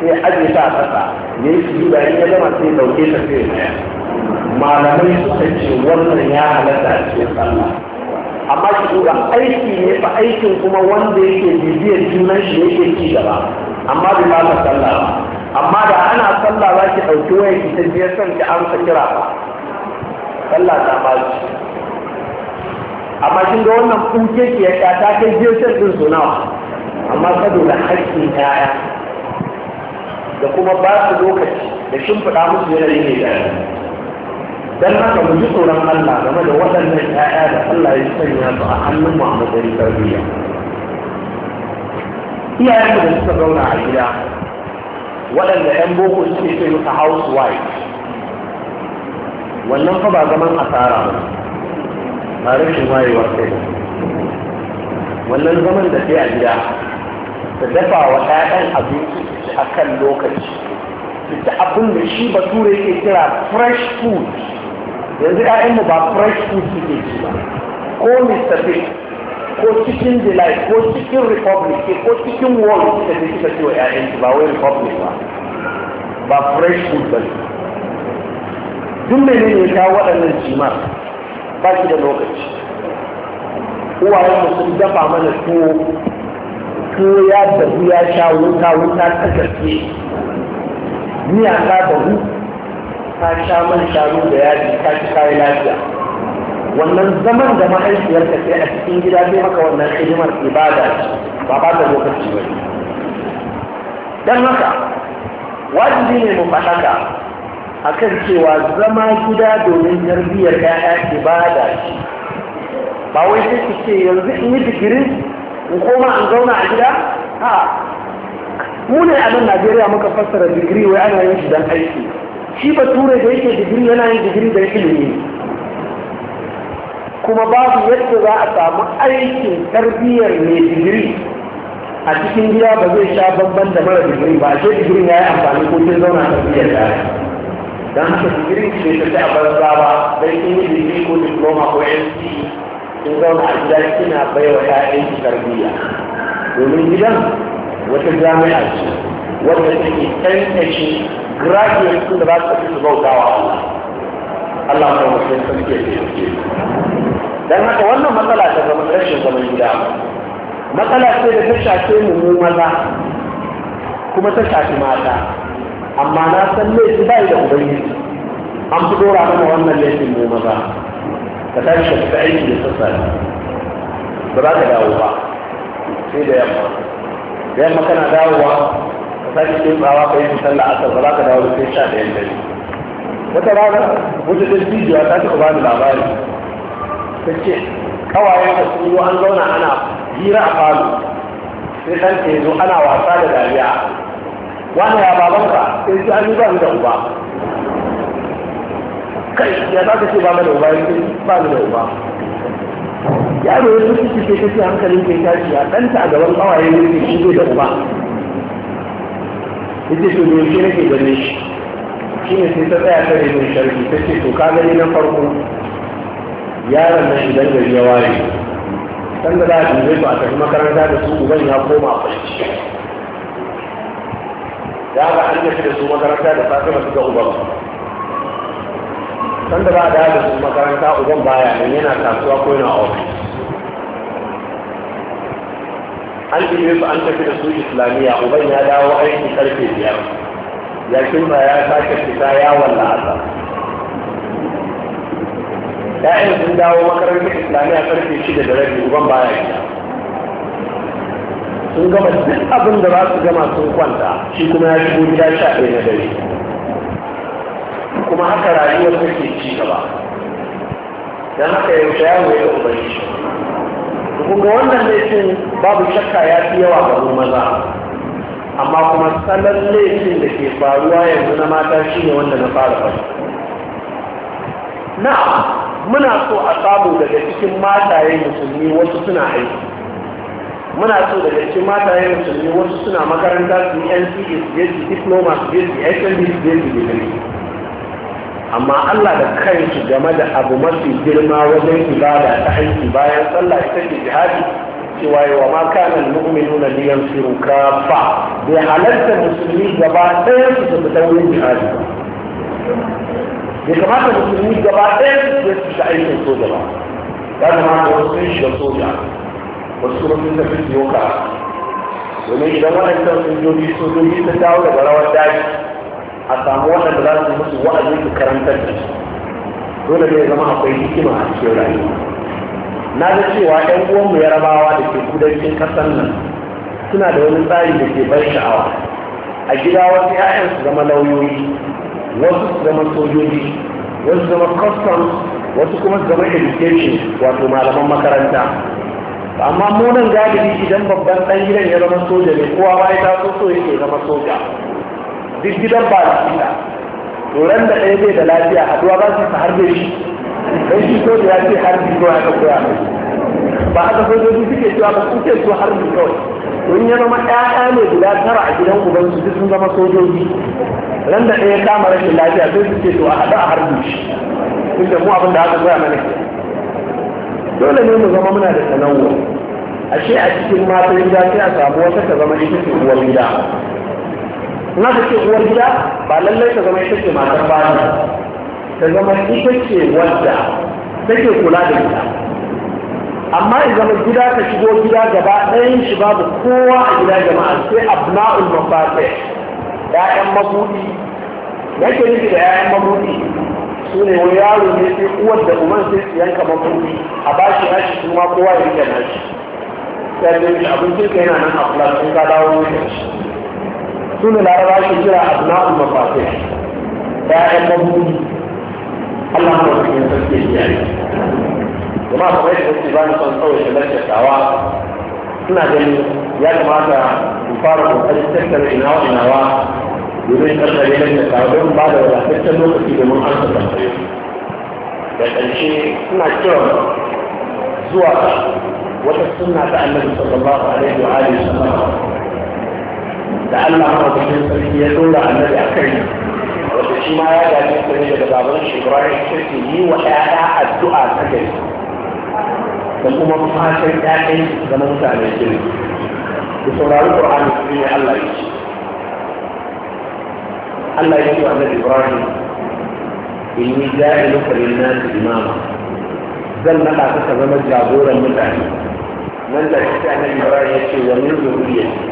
sai ya aje ta a kasa ya yi su juda in ya gama sai ya dauke ta sai ya malamai suka ce wannan ya halatta a cikin sallah amma ki duba aiki ne fa aikin kuma wanda yake bibiyar junan shi yake ci gaba amma bai ba ta sallah ba amma da ana sallah za ki ɗauki wayar ki ta biyar san ki an kira ba sallah ta ba amma shi ga wannan kuke ke ya ta kai jesar din su nawa amma saboda haƙƙin ƴaƴa da kuma ba su lokaci da shimfiɗa musu yanayi ne da dan haka mu ji tsoron Allah game da waɗannan ƴaƴa da Allah ya sanya su a hannun a matsayin tarbiyya iyayen da suka zauna a gida waɗanda 'yan boko suke ce musu housewife wannan fa ba zaman asara ba ba rashin wayewar kai wannan zaman da sai a gida da dafa wa 'ya'yan abinci a kan lokaci da abin da shi bature yake kira fresh food yanzu ƴaƴanmu ba fresh food suke ci ba ko mr big ko cikin delight ko cikin republic ko cikin world suka ce suka ce wa ba wai republic ba ba fresh food ba duk menene ya kawo waɗannan jimar ba shi da lokaci uwayenmu sun dafa mana tuwo tuwo ya dahu ya sha wuta wuta ta gaske miya ta dahu ta sha man shanu da yaji ta shi kayi lafiya wannan zaman da mahaifiyarta sai a cikin gida sai maka wannan hidimar ibada ba ba ta lokaci ba don haka wajibi ne mu faɗaka akan cewa zama gida domin tarbiyyar ya'ya da shi ba wai sai ki ce yanzu in yi digiri in koma in zauna a gida ha mu ne a nan Najeriya muka fassara digiri wai ana yin shi don aiki shi bature da yake digiri yana yin digiri da ilimi kuma babu yadda za a samu aikin tarbiyyar mai digiri a cikin gida ba zai sha bamban da mara digiri ba a ce digiri ya yi amfani ko ke zauna tarbiyyar da don haka digirin ce ta ta banza ba don kin yi digiri ko diploma ko mce sun zauna a gida kina bai wa ƴaƴan ki tarbiyya domin gidan wata jami'a ce wanda take tantance graduate su da ba su tafi su bauta wa Allah Allah ta mu sarki da ce. Dan haka wannan matsala ta zama rashin zaman gida matsala ce da ta shafe mu mu maza kuma ta shafi mata amma na san laifi ba da ubangiji an fi dora mana wannan laifin mu maza ka tashi ka fita aiki da sassafe ba za ka dawo ba sai da yamma da yamma kana dawowa ka sake tsawa ka yi sallah asar ba za ka dawo da sai sha da dare wata rana wata dattijuwa ta taɓa bani labari ta ce kawayen ka sun an zauna ana hira a falo sai ɗan ke zo ana wasa da dariya wani ya babanka in eh, ji an ba ni da uba kai ya za ka ce ba mana uba ya ce ba ni da uba yaro ya fi ciki sai hankalin kai tashi a ɗanta a gaban ƙawaye ne shi zai da uba yace to me yake nake gane shi shi ne sai ta tsaya ta da mai sharhi ta ce to ka gani na farko yaron nan idan gari ya waye Sanda da za a dube ba a tafi makaranta da su uban ya koma a ya ga an yafi da su makaranta da safe masu ga uban san da ba da da su makaranta uban baya nan yana kasuwa ko yana ofis an ilmi su an tafi da su islamiyya uban ya dawo aiki karfe biyar ya kimba ya sake fita yawon la'asa ya'yan sun dawo makarantar islamiyya karfe shida da rabi uban baya gida sun gama duk abin da ba su gama sun kwanta shi kuma ya shigo gida sha ɗaya na dare kuma haka rayuwar take ci gaba don haka yau yaro ya ubanci kuma wannan laifin babu shakka ya fi yawa ga maza amma kuma salon laifin da ke faruwa yanzu na mata shi ne wanda na fara faɗi na muna so a samu daga cikin mataye musulmi wasu suna aiki muna so da cikin mataye musulmi wasu suna makaranta su yi nca su je su diploma su je su hnd su je su degree amma allah da kanshi game da abu mafi girma wajen ibada ta aiki bayan sallah ita ce jihadi cewa yi wa maka nan mu'minu na liyan firu kafa bai halarta musulmi gaba ɗaya su su fita wurin jihadi bai kamata musulmi gaba ɗaya su je su ta aikin soja ba ya kamata wasu sun shiga soja wasu surutun ta suke yoka domin idan waɗancan sojoji sojoji ta dawo daga rawar daji a samu waɗanda za su musu wa'azi su karantar da dole ne zama akwai hikima a cikin rayuwa na ga cewa ɗan uwanmu yarabawa da ke kudancin ƙasar nan suna da wani tsari da ke ban sha'awa a gida wasu 'ya'yan su zama lauyoyi wasu su zama sojoji wasu zama customs wasu kuma su zama education wato malaman makaranta amma munan galibi idan babban ɗan gidan ya zama soja ne kowa ma ya taso so yake zama soja duk gidan ba lafiya da ran da ɗaya bai da lafiya haduwa ba su ta harbe shi dan shi soja ya ce harbi ko ya koya ba haka sojoji suke cewa ba suke so harbi kawai to in ya zama ƴaƴa ne guda tara a gidan su duk sun zama sojoji ran da ɗaya kama rashin lafiya sai suke to a haɗu a harbi shi tunda mu abin da aka koya mana dole ne mu zama muna da tanawo ashe a cikin matan gida sai a samu wata ta zama ita ce uwar gida na ta ce uwar gida ba lallai ta zama ita ce matar bani ta zama ita ce wadda take kula da gida amma in zama gida ka shigo gida gaba ɗayan shi babu kowa a gida jama'a sai abna'ul mafafi ya'yan mabudi yake nufi da ya'yan mabudi su ne wani yaro ne sai uwar da uman sai su yanka mafi a ba shi nashi su ma kowa ya rike nashi sai da yake abincin ka yana nan a kula sun ka dawo ne su ne laraba shi kira abna'ul mafafi ya'yan mabuɗi Allah ma wasu yin sarki ya yi kuma kamar yadda kuke ba ni son tsawaita lantarkawa suna ganin ya kamata in fara kokarin tattara inawa inawa domin tattalin da taron ba da wadataccen lokaci domin an sa tambaye da ƙarshe suna kiran zuwa wata suna ta annabi sallallahu alaihi wa alihi sallam da Allah madaukakin sarki ya dora annabi a kai wanda shi ma ya gaji ta ne daga baban shi Ibrahim sai yi wa ƴaƴa addu'a ta gari da kuma fatan ƴaƴan da mutane kirki da saurari Qur'ani ne Allah ya ce Allah ya ce annabi Ibrahim inni ja'iluka lin-nas imama zan nada ka zama jagoran mutane nan da shi annabi Ibrahim ya ce wa min zurriyyati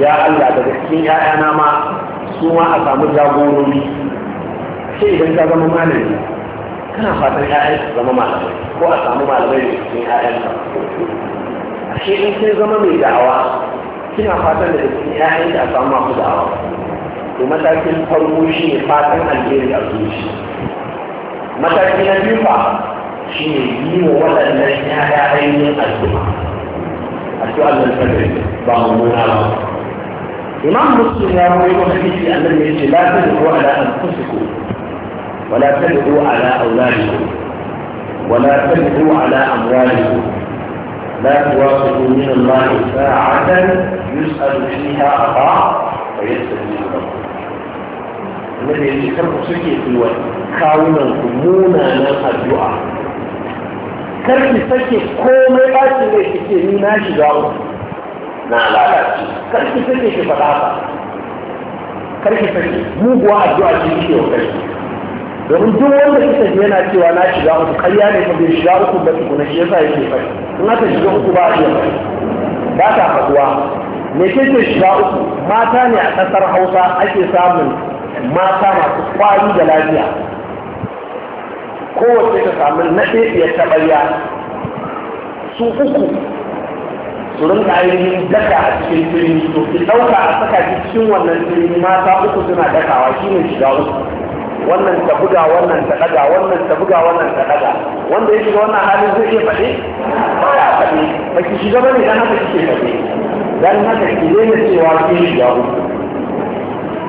ya Allah daga cikin 'ya'yana ma su ma a samu jagorori sai idan ka zama malami kana fatan 'ya'yan su zama malamai ko a samu malamai da cikin 'ya'yan ka A ashe in sai zama mai da'awa kina fatan da cikin ƴaƴan ka a samu masu da'awa to matakin farko shi ne fatan alheri a zuci mataki na biyu fa shi ne yi wa waɗannan yaya ainihin addu'a addu'a nan kadai ba mummuna ba imam muslim ya rawaito hadisi annabi ya ce la tad'u ala anfusikum wa la tad'u ala awladikum wa la tad'u ala amwalikum لا تواصلوا من الله ساعة يسأل فيها أطاع ويستجيب لكم na da yi kar ku suke iwa kawunan ku munanan addu'a kar ki sake komai bacin da kike ni na shiga na lalace kar ki sake ki faɗa ba kar ki sake muguwa addu'a ce kike wa kai domin duk wanda kika ji yana cewa na shiga uku karya ne kuma bai shiga uku ba tukuna shi yasa yake faɗi in ta shiga uku ba a iya faɗi ba ta faɗuwa me ke shiga uku mata ne a ƙasar hausa ake samun mata masu kwari da lafiya kowace ta samu ta ɓarya su uku su rinka ainihin daka a cikin turmi to ki ɗauka a saka cikin wannan turmi mata uku suna dakawa shi ne shiga uku wannan ta buga wannan ta ɗaga wannan ta buga wannan ta ɗaga wanda ya shiga wannan halin zai iya faɗe ba ya faɗe ba ki shiga ba ne dan haka kike faɗe dan haka ki daina cewa ki shiga uku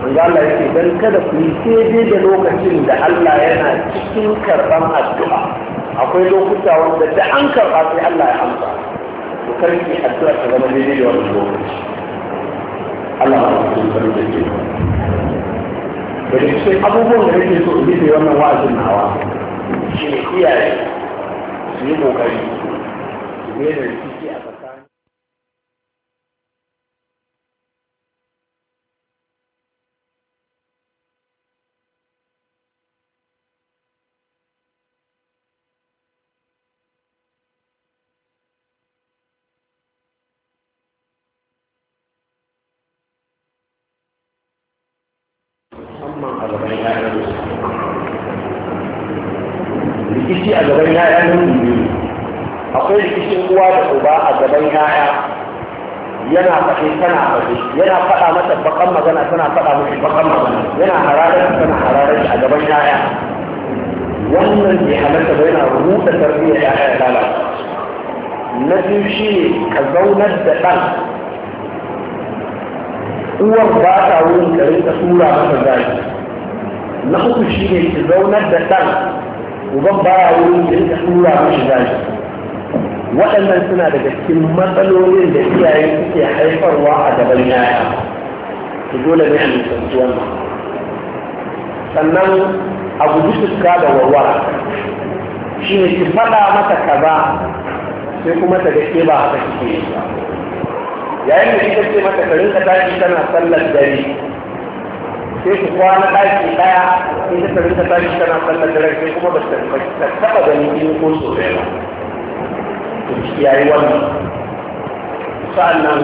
manzo Allah yake dan kada ku yi daidai da lokacin da Allah yana cikin karban addu'a akwai lokuta wanda da an karba sai Allah ya amsa to karki addu'a ta zama daidai da wannan lokaci Allah ya san da ke da cikin abubuwan da nake so in yi wannan wa'azin nawa shi ne iyaye su yi kokari su ne da gaban yaya nan ne akwai rikicin uwa da uba a gaban yaya yana faɗi tana faɗi yana faɗa mata bakan magana tana faɗa mata bakan magana yana hararar tana hararar a gaban yaya wannan ne halatta da yana rubuta tarbiyyar yaya ya lalata na biyu shi ne ka zaunar da ɗan uwar ba ta wuni garin ta tura masa zaki na uku shi ne ki zaunar da ɗan uban ba ya wurin da ya tura mashi bashi waɗannan suna daga cikin matsalolin da iyaye suke haifarwa a gaban yaya su dole ne a nisanci wannan sannan a guji fuska da warwara shi ne ki faɗa mata kaza sai kuma ta gaske ba haka kike yi yayin da kika ce mata ka rinka tashi tana sallar dare sai su kwana ɗaki ɗaya in ta tafi ta tashi tana sallar da rai kuma ba ta taɓa ganin biyu ko so ba to yayi wannan sa'annan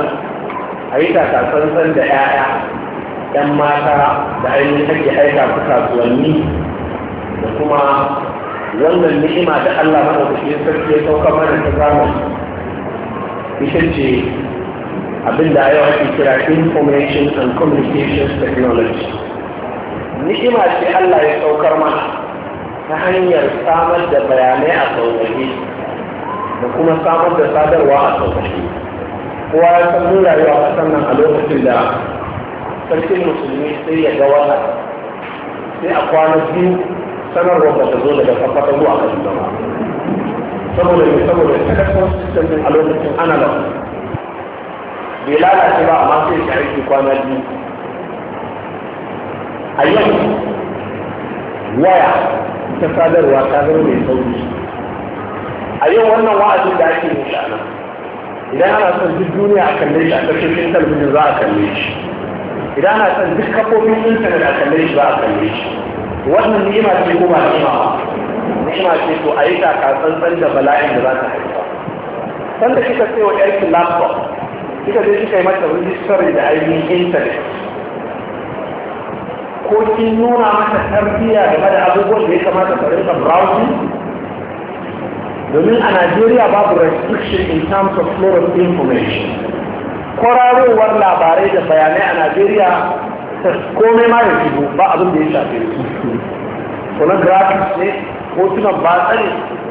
a yi takasansan da 'ya'ya 'yan mata da ainihin ake aika su kasuwanni da kuma wannan ni'ima da Allah maɗaukaki sarki ya sauka mana ta zama ita ce abin da yau ake kira information and communications technology ni'ima ce Allah ya saukar mana ta hanyar samar da bayanai a sauƙaƙe da kuma samar da sadarwa a sauƙaƙe kowa ya san mun rayuwa a sannan a lokacin da sarkin musulmi sai ya ga wata sai a kwana biyu sanarwar ba ta zo daga kafata zuwa kan ba saboda mai saboda sakatwar system din a lokacin analog bai lalace ba amma sai ya aiki kwana biyu a yau waya ta sadarwa ta zama mai sauki a yau wannan wa'azin da ake yi shana idan ana son duk duniya a kalle shi a ƙarƙashin talabijin za a kalle shi idan ana son duk kafofin intanet a kalle shi za a kalle shi wannan ni'ima ce ko ba ni'ima ba ni'ima ce to a yi tsantsan da bala'in da za ta haifa sanda kika sai wa ƴarki laptop kika je kika yi mata rijistar da ainihin intanet ko kin nuna mata tarbiyya game da abubuwan da ya kamata ka rinka browsing domin a Najeriya babu restriction in terms of flow of information kwararowar labarai da bayanai a Najeriya komai ma ya shigo ba abin da ya shafe su pornographics ne hotunan batsa ne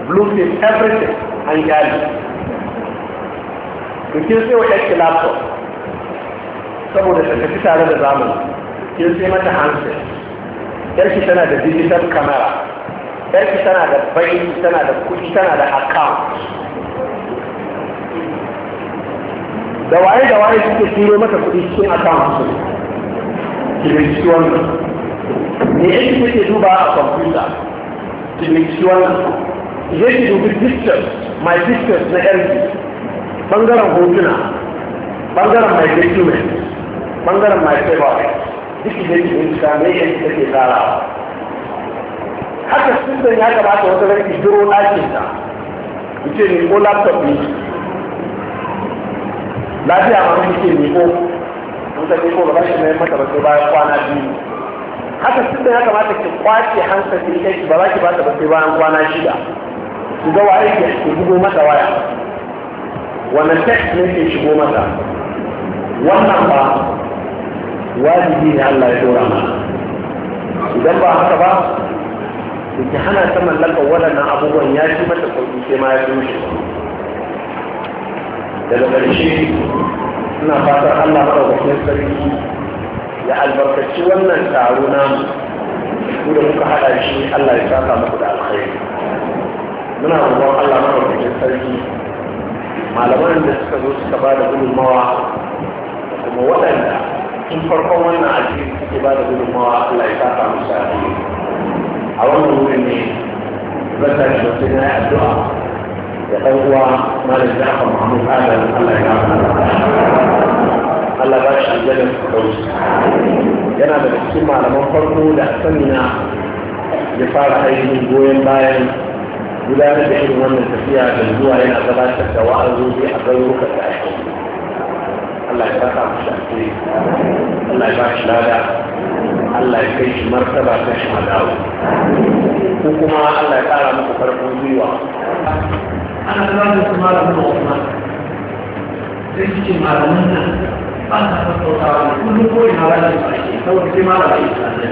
blue everything an gyali to sai wa yake laptop saboda tafi tare da zamani Kin sai mata hansu yarki tana da digital camera yarki tana da bai tana da kuɗi tana da account da waye da waye suke turo mata kuɗi cikin account su ki ci wannan me yake kuke duba a computer ki binciki wannan je ki dubi distance my distance na yarki bangaren hotuna bangaren my document bangaren my favorite duk da yake islamiyya da ke tsarawa haka sun da ya kamata wata ran idiro ɗakin ta ce ne ko laptop ne lafiya ma mun ce ne ko mun ta ko ba shi mai mata ba sai bayan kwana biyu haka sun da ya kamata ki kwace hankali kai ba za ki ba ta ba sai bayan kwana shida ki ga waye ke ki bugo mata waya wannan text ne ke shigo mata wannan ba wajibi ne Allah ya dora mana idan ba haka ba da hana ta mallakar waɗannan abubuwan ya ci mata sauƙi sai ma ya ci mishi daga ƙarshe ina fatan Allah maɗaukakin sarki ya albarkaci wannan taro namu ku da muka haɗa shi Allah ya saka muku da alkhairi muna roƙon Allah maɗaukakin sarki malaman da suka zo suka ba da gudunmawa da kuma waɗanda in farkon wannan addini suke ba da gudunmawa Allah ya saka musu addini a wannan wurin ne zan tashi da sai na yi addu'a da ɗan uwa malam Jafar Muhammad Adam Allah ya gafarta Allah ba shi aljanna su kauci yana da cikin malaman farko da sanina ya fara ainihin goyon bayan gudanar da irin wannan tafiya da zuwa yana gabatar da wa'azozi a garurukan da ake Allah ya saka mu shi Allah ya ba shi lada Allah ya kai shi martaba ta shi madawo ko kuma Allah ya kara muku karfin gwiwa ana kuma su malamin Usman sai cikin malamin nan ba ta sassautawa kullum ko ina ba shi saboda sai malamin Islamiyya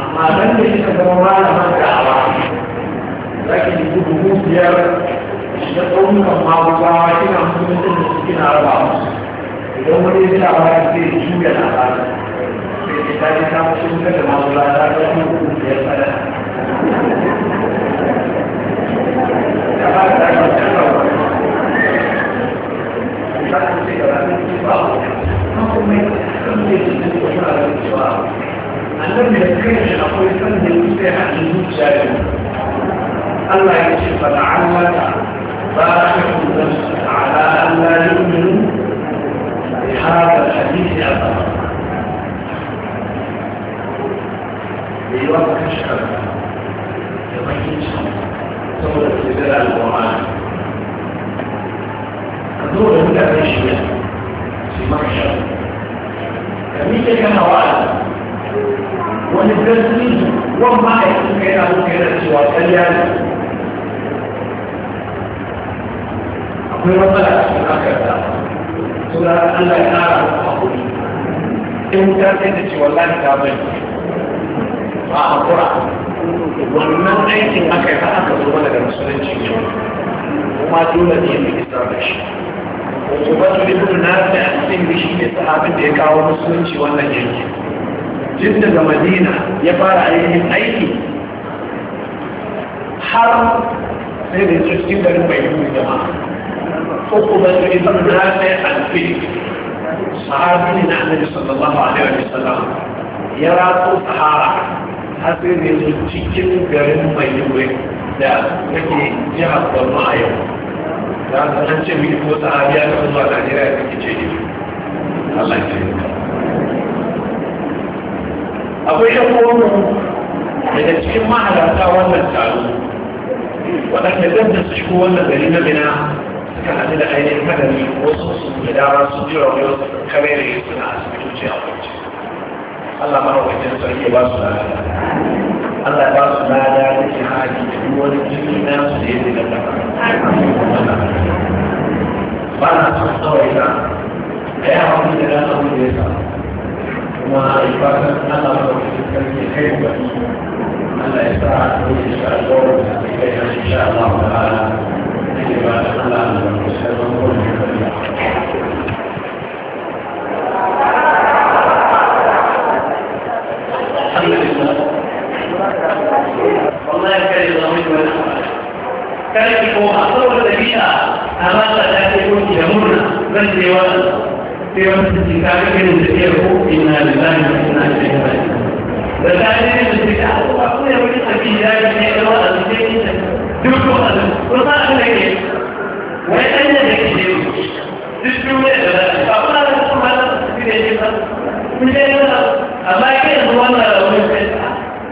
amma dan da shi ka zama malamin da'awa zaki ji gudu biyar da tsaunukan magudawa kina musulunci da suke zai sa wa zai juya labarin sai ke ta ji ta mutum da masu lada da su ya tsada da ba ta yi wata rawa ta ku ce gaba da su ba ta kuma yi kan da su ne ko suna da cewa annabi da kai shi akwai kan da su sai hannun zuciya da Allah ya ce fa la'alla ba ta kuma ala an la yu'minu بهذا الحديث أثرا ليوضح الشرع يبين شرع ثورة ابتداء القرآن الدور هنا في الشمال في مكشف كمية كان وعلا وللتسليم وما يكون كان ممكن سوى كليان أقول مثلا هناك الدعوة tura Allah ya ƙara hakuri in ta sai da ce wallahi ta bai ba a kura wannan aikin aka yi ba aka zo mana da musulunci ne kuma dole ne ya fi isar da shi Ubatu ibn Nasir al da shi ne sahabin da ya kawo musulunci wannan yankin. Tun daga Madina ya fara ainihin aiki har sai da cikin garin bai yi jama'a. عقبة بن نافع الفيل صحابي النبي صلى الله عليه وسلم يرى طهارة هذا يزول cikin garin Maiduguri da yake jihar Borno a yau. Da haka an ce mini ko sahabiya ta zuwa Najeriya da kake ce Allah ya Akwai ɗan uwanmu daga cikin mahalarta wannan taro waɗanda zan da su shigo wannan gari na Bina suka haɗu da ainihin hadari wasu su da dama su jira wasu kare da yake na asibitoci a kwanci Allah mana wajen sarki ya ba su lada Allah ya ba su lada da ke haɗi da wani jini na su da yake da dafa ba na son tsawai na da ya haɗu da ɗan abu da ya sa kuma ya ba ta Allah mana wajen sarki ya kai mu Allah ya sa a cikin shi a zuwa da kai in sha Allah ta'ala duk wani wata ne waɗanda da ke yau duk duniya da za a abu na da kuma da su fi da ke ba kun je yana amma ke yanzu wannan raunin kai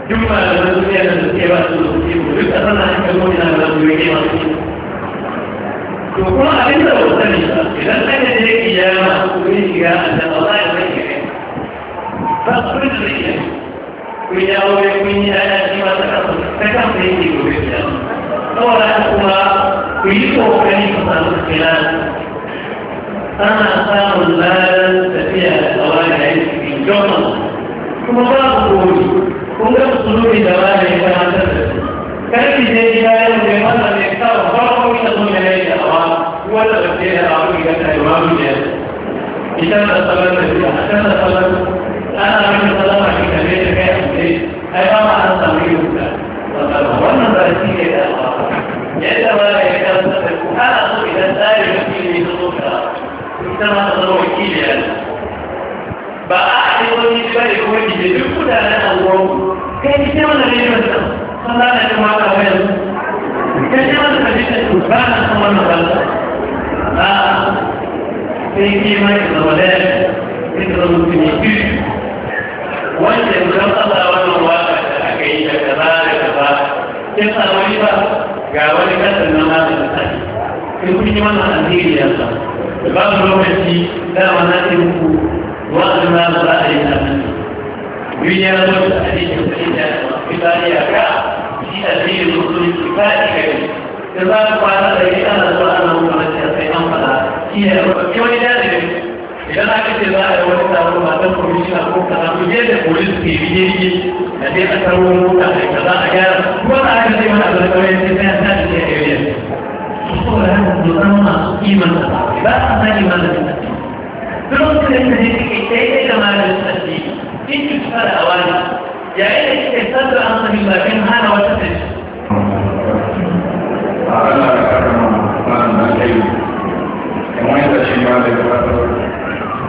duk ma da wani duniya da suke ba su da suke ba duk ƙasar na cikin mutane da su yake ba su to kuma abin da ba sani ba idan ɗan da ya ke yara masu kuri shiga a can ba za a yi kai ba su kuri da ya kun yi aure kun yi ana shi ma ta kasu ta kasu yake gobe ya saboda kuma kuliko kokari ka samu kira ana samun lalar tafiya da tsawon da yake cikin jordan kuma babu kori kun ga musulmi da ba da ya kwanata da su karfi ne ya yi da mana ne kawo farko ita sun yana yi da awa wanda ba ce da abu ga ta yi mamu ne ita da salon da ita a kan da salon ana yin salon a cikin da ya kai a kuɗe ai ba ma an samu yi wuta wannan ba shi ne da awa yadda ma da ya karanta da ku ana so idan tsari mafi ne ma ta zama wakili ya ba a yi wani ba da ka ba a ya ki yi kaza wani ba ga wani kasar na na da mutane sai kun yi mana alheri ya sa da ba mu lokaci dama na ce muku wa'azin na ba a yi tafi duniya na wata a yi tafi da fitari ta ka shi a zai yi mutum ki faɗi gari da za ku kwana da yi ana zuwa ana sai an shi ne idan aka ce za a yi wani taro ba ta komishina ko kaza ku je da polis ke bije bije da dai a taro mota da kaza a gyara kuma za a ce mana a zarga wani sai ta ta ce a yi saboda haka ku zama masu iman da ba a san iman da ta ce duk lokacin da ne kake daidai da malamin ta ce in ki fara a wani yayin da kike sadar an sami bakin hana wata ta ce. Allah ya karama, Allah ya yi, kamar yadda shi ma da ya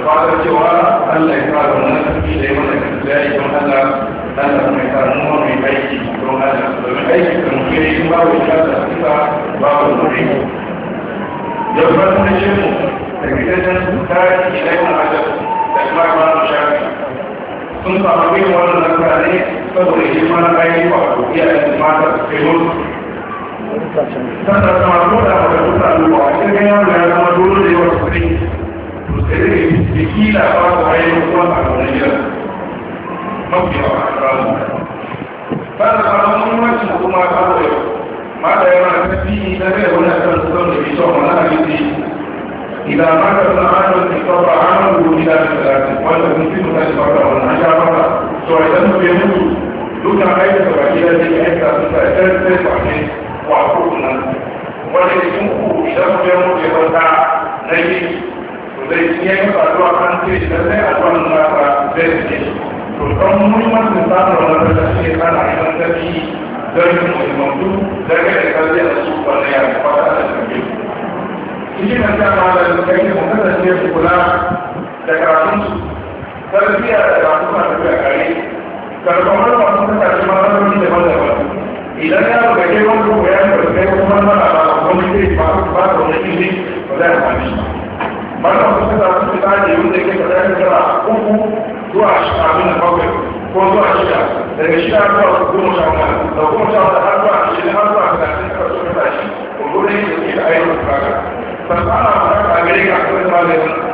fadar cewa Allah ya fara wannan shi da ya mana kasirai don Allah Allah mai kamuwa mai aiki don Allah domin aiki da mutum ya yi babu ya da suka babu wuri da ba su da shirin da gidajen tarihi na yin adam da kuma ba su shafi sun samu bin wannan nasara saboda shi ma na aiki ba ko iya da mata su kai mutu sannan sama ko da ba da mutane ba a cikin yawon ya zama dole da yawan kuɗi da kila ba ku ayi kuma a Najeriya mafi yawa a samu ba da ba mun wacce kuma a kawo yau ma da yawa ta fi na kai wani kan kusan da bisa wani hadisi idan ma ka san an yi tsaba an yi rubuta da talatin wanda kun fi mutan da baka wani an sha baka to a idan bai mutu dukkan aikata ba ke da zai aika su ta ɗan sai ba ne wa ko nan wanda cikin ku idan bai mutu ya kwanta na yi zai iya yin faruwa kan ce idan zai a tsanin nasa zai ce to don muhimmancin samun wannan da shi ana yin tafi don yin muhimmantu da ga da kalli a su wanda ya fata da tafi shi ne ta ma da suka yi mu kasance su kula da karatun su tarbiyya da karatun na tafiya kare karfamar masu kasashe ma wani daban-daban idan ya ga ke wani koyar da kuma mara ba wani ba ba da wani ilimi ba da a bayan kun ka samu misali wanda yake da zai uku zuwa abin da bakwai ko zuwa shida daga shida zuwa goma sha biyar da goma sha biyar har zuwa ashirin har zuwa talatin ka su kasa shi ko gurin da suke da ayyukan kaga sannan ana fara a gari ka kuma da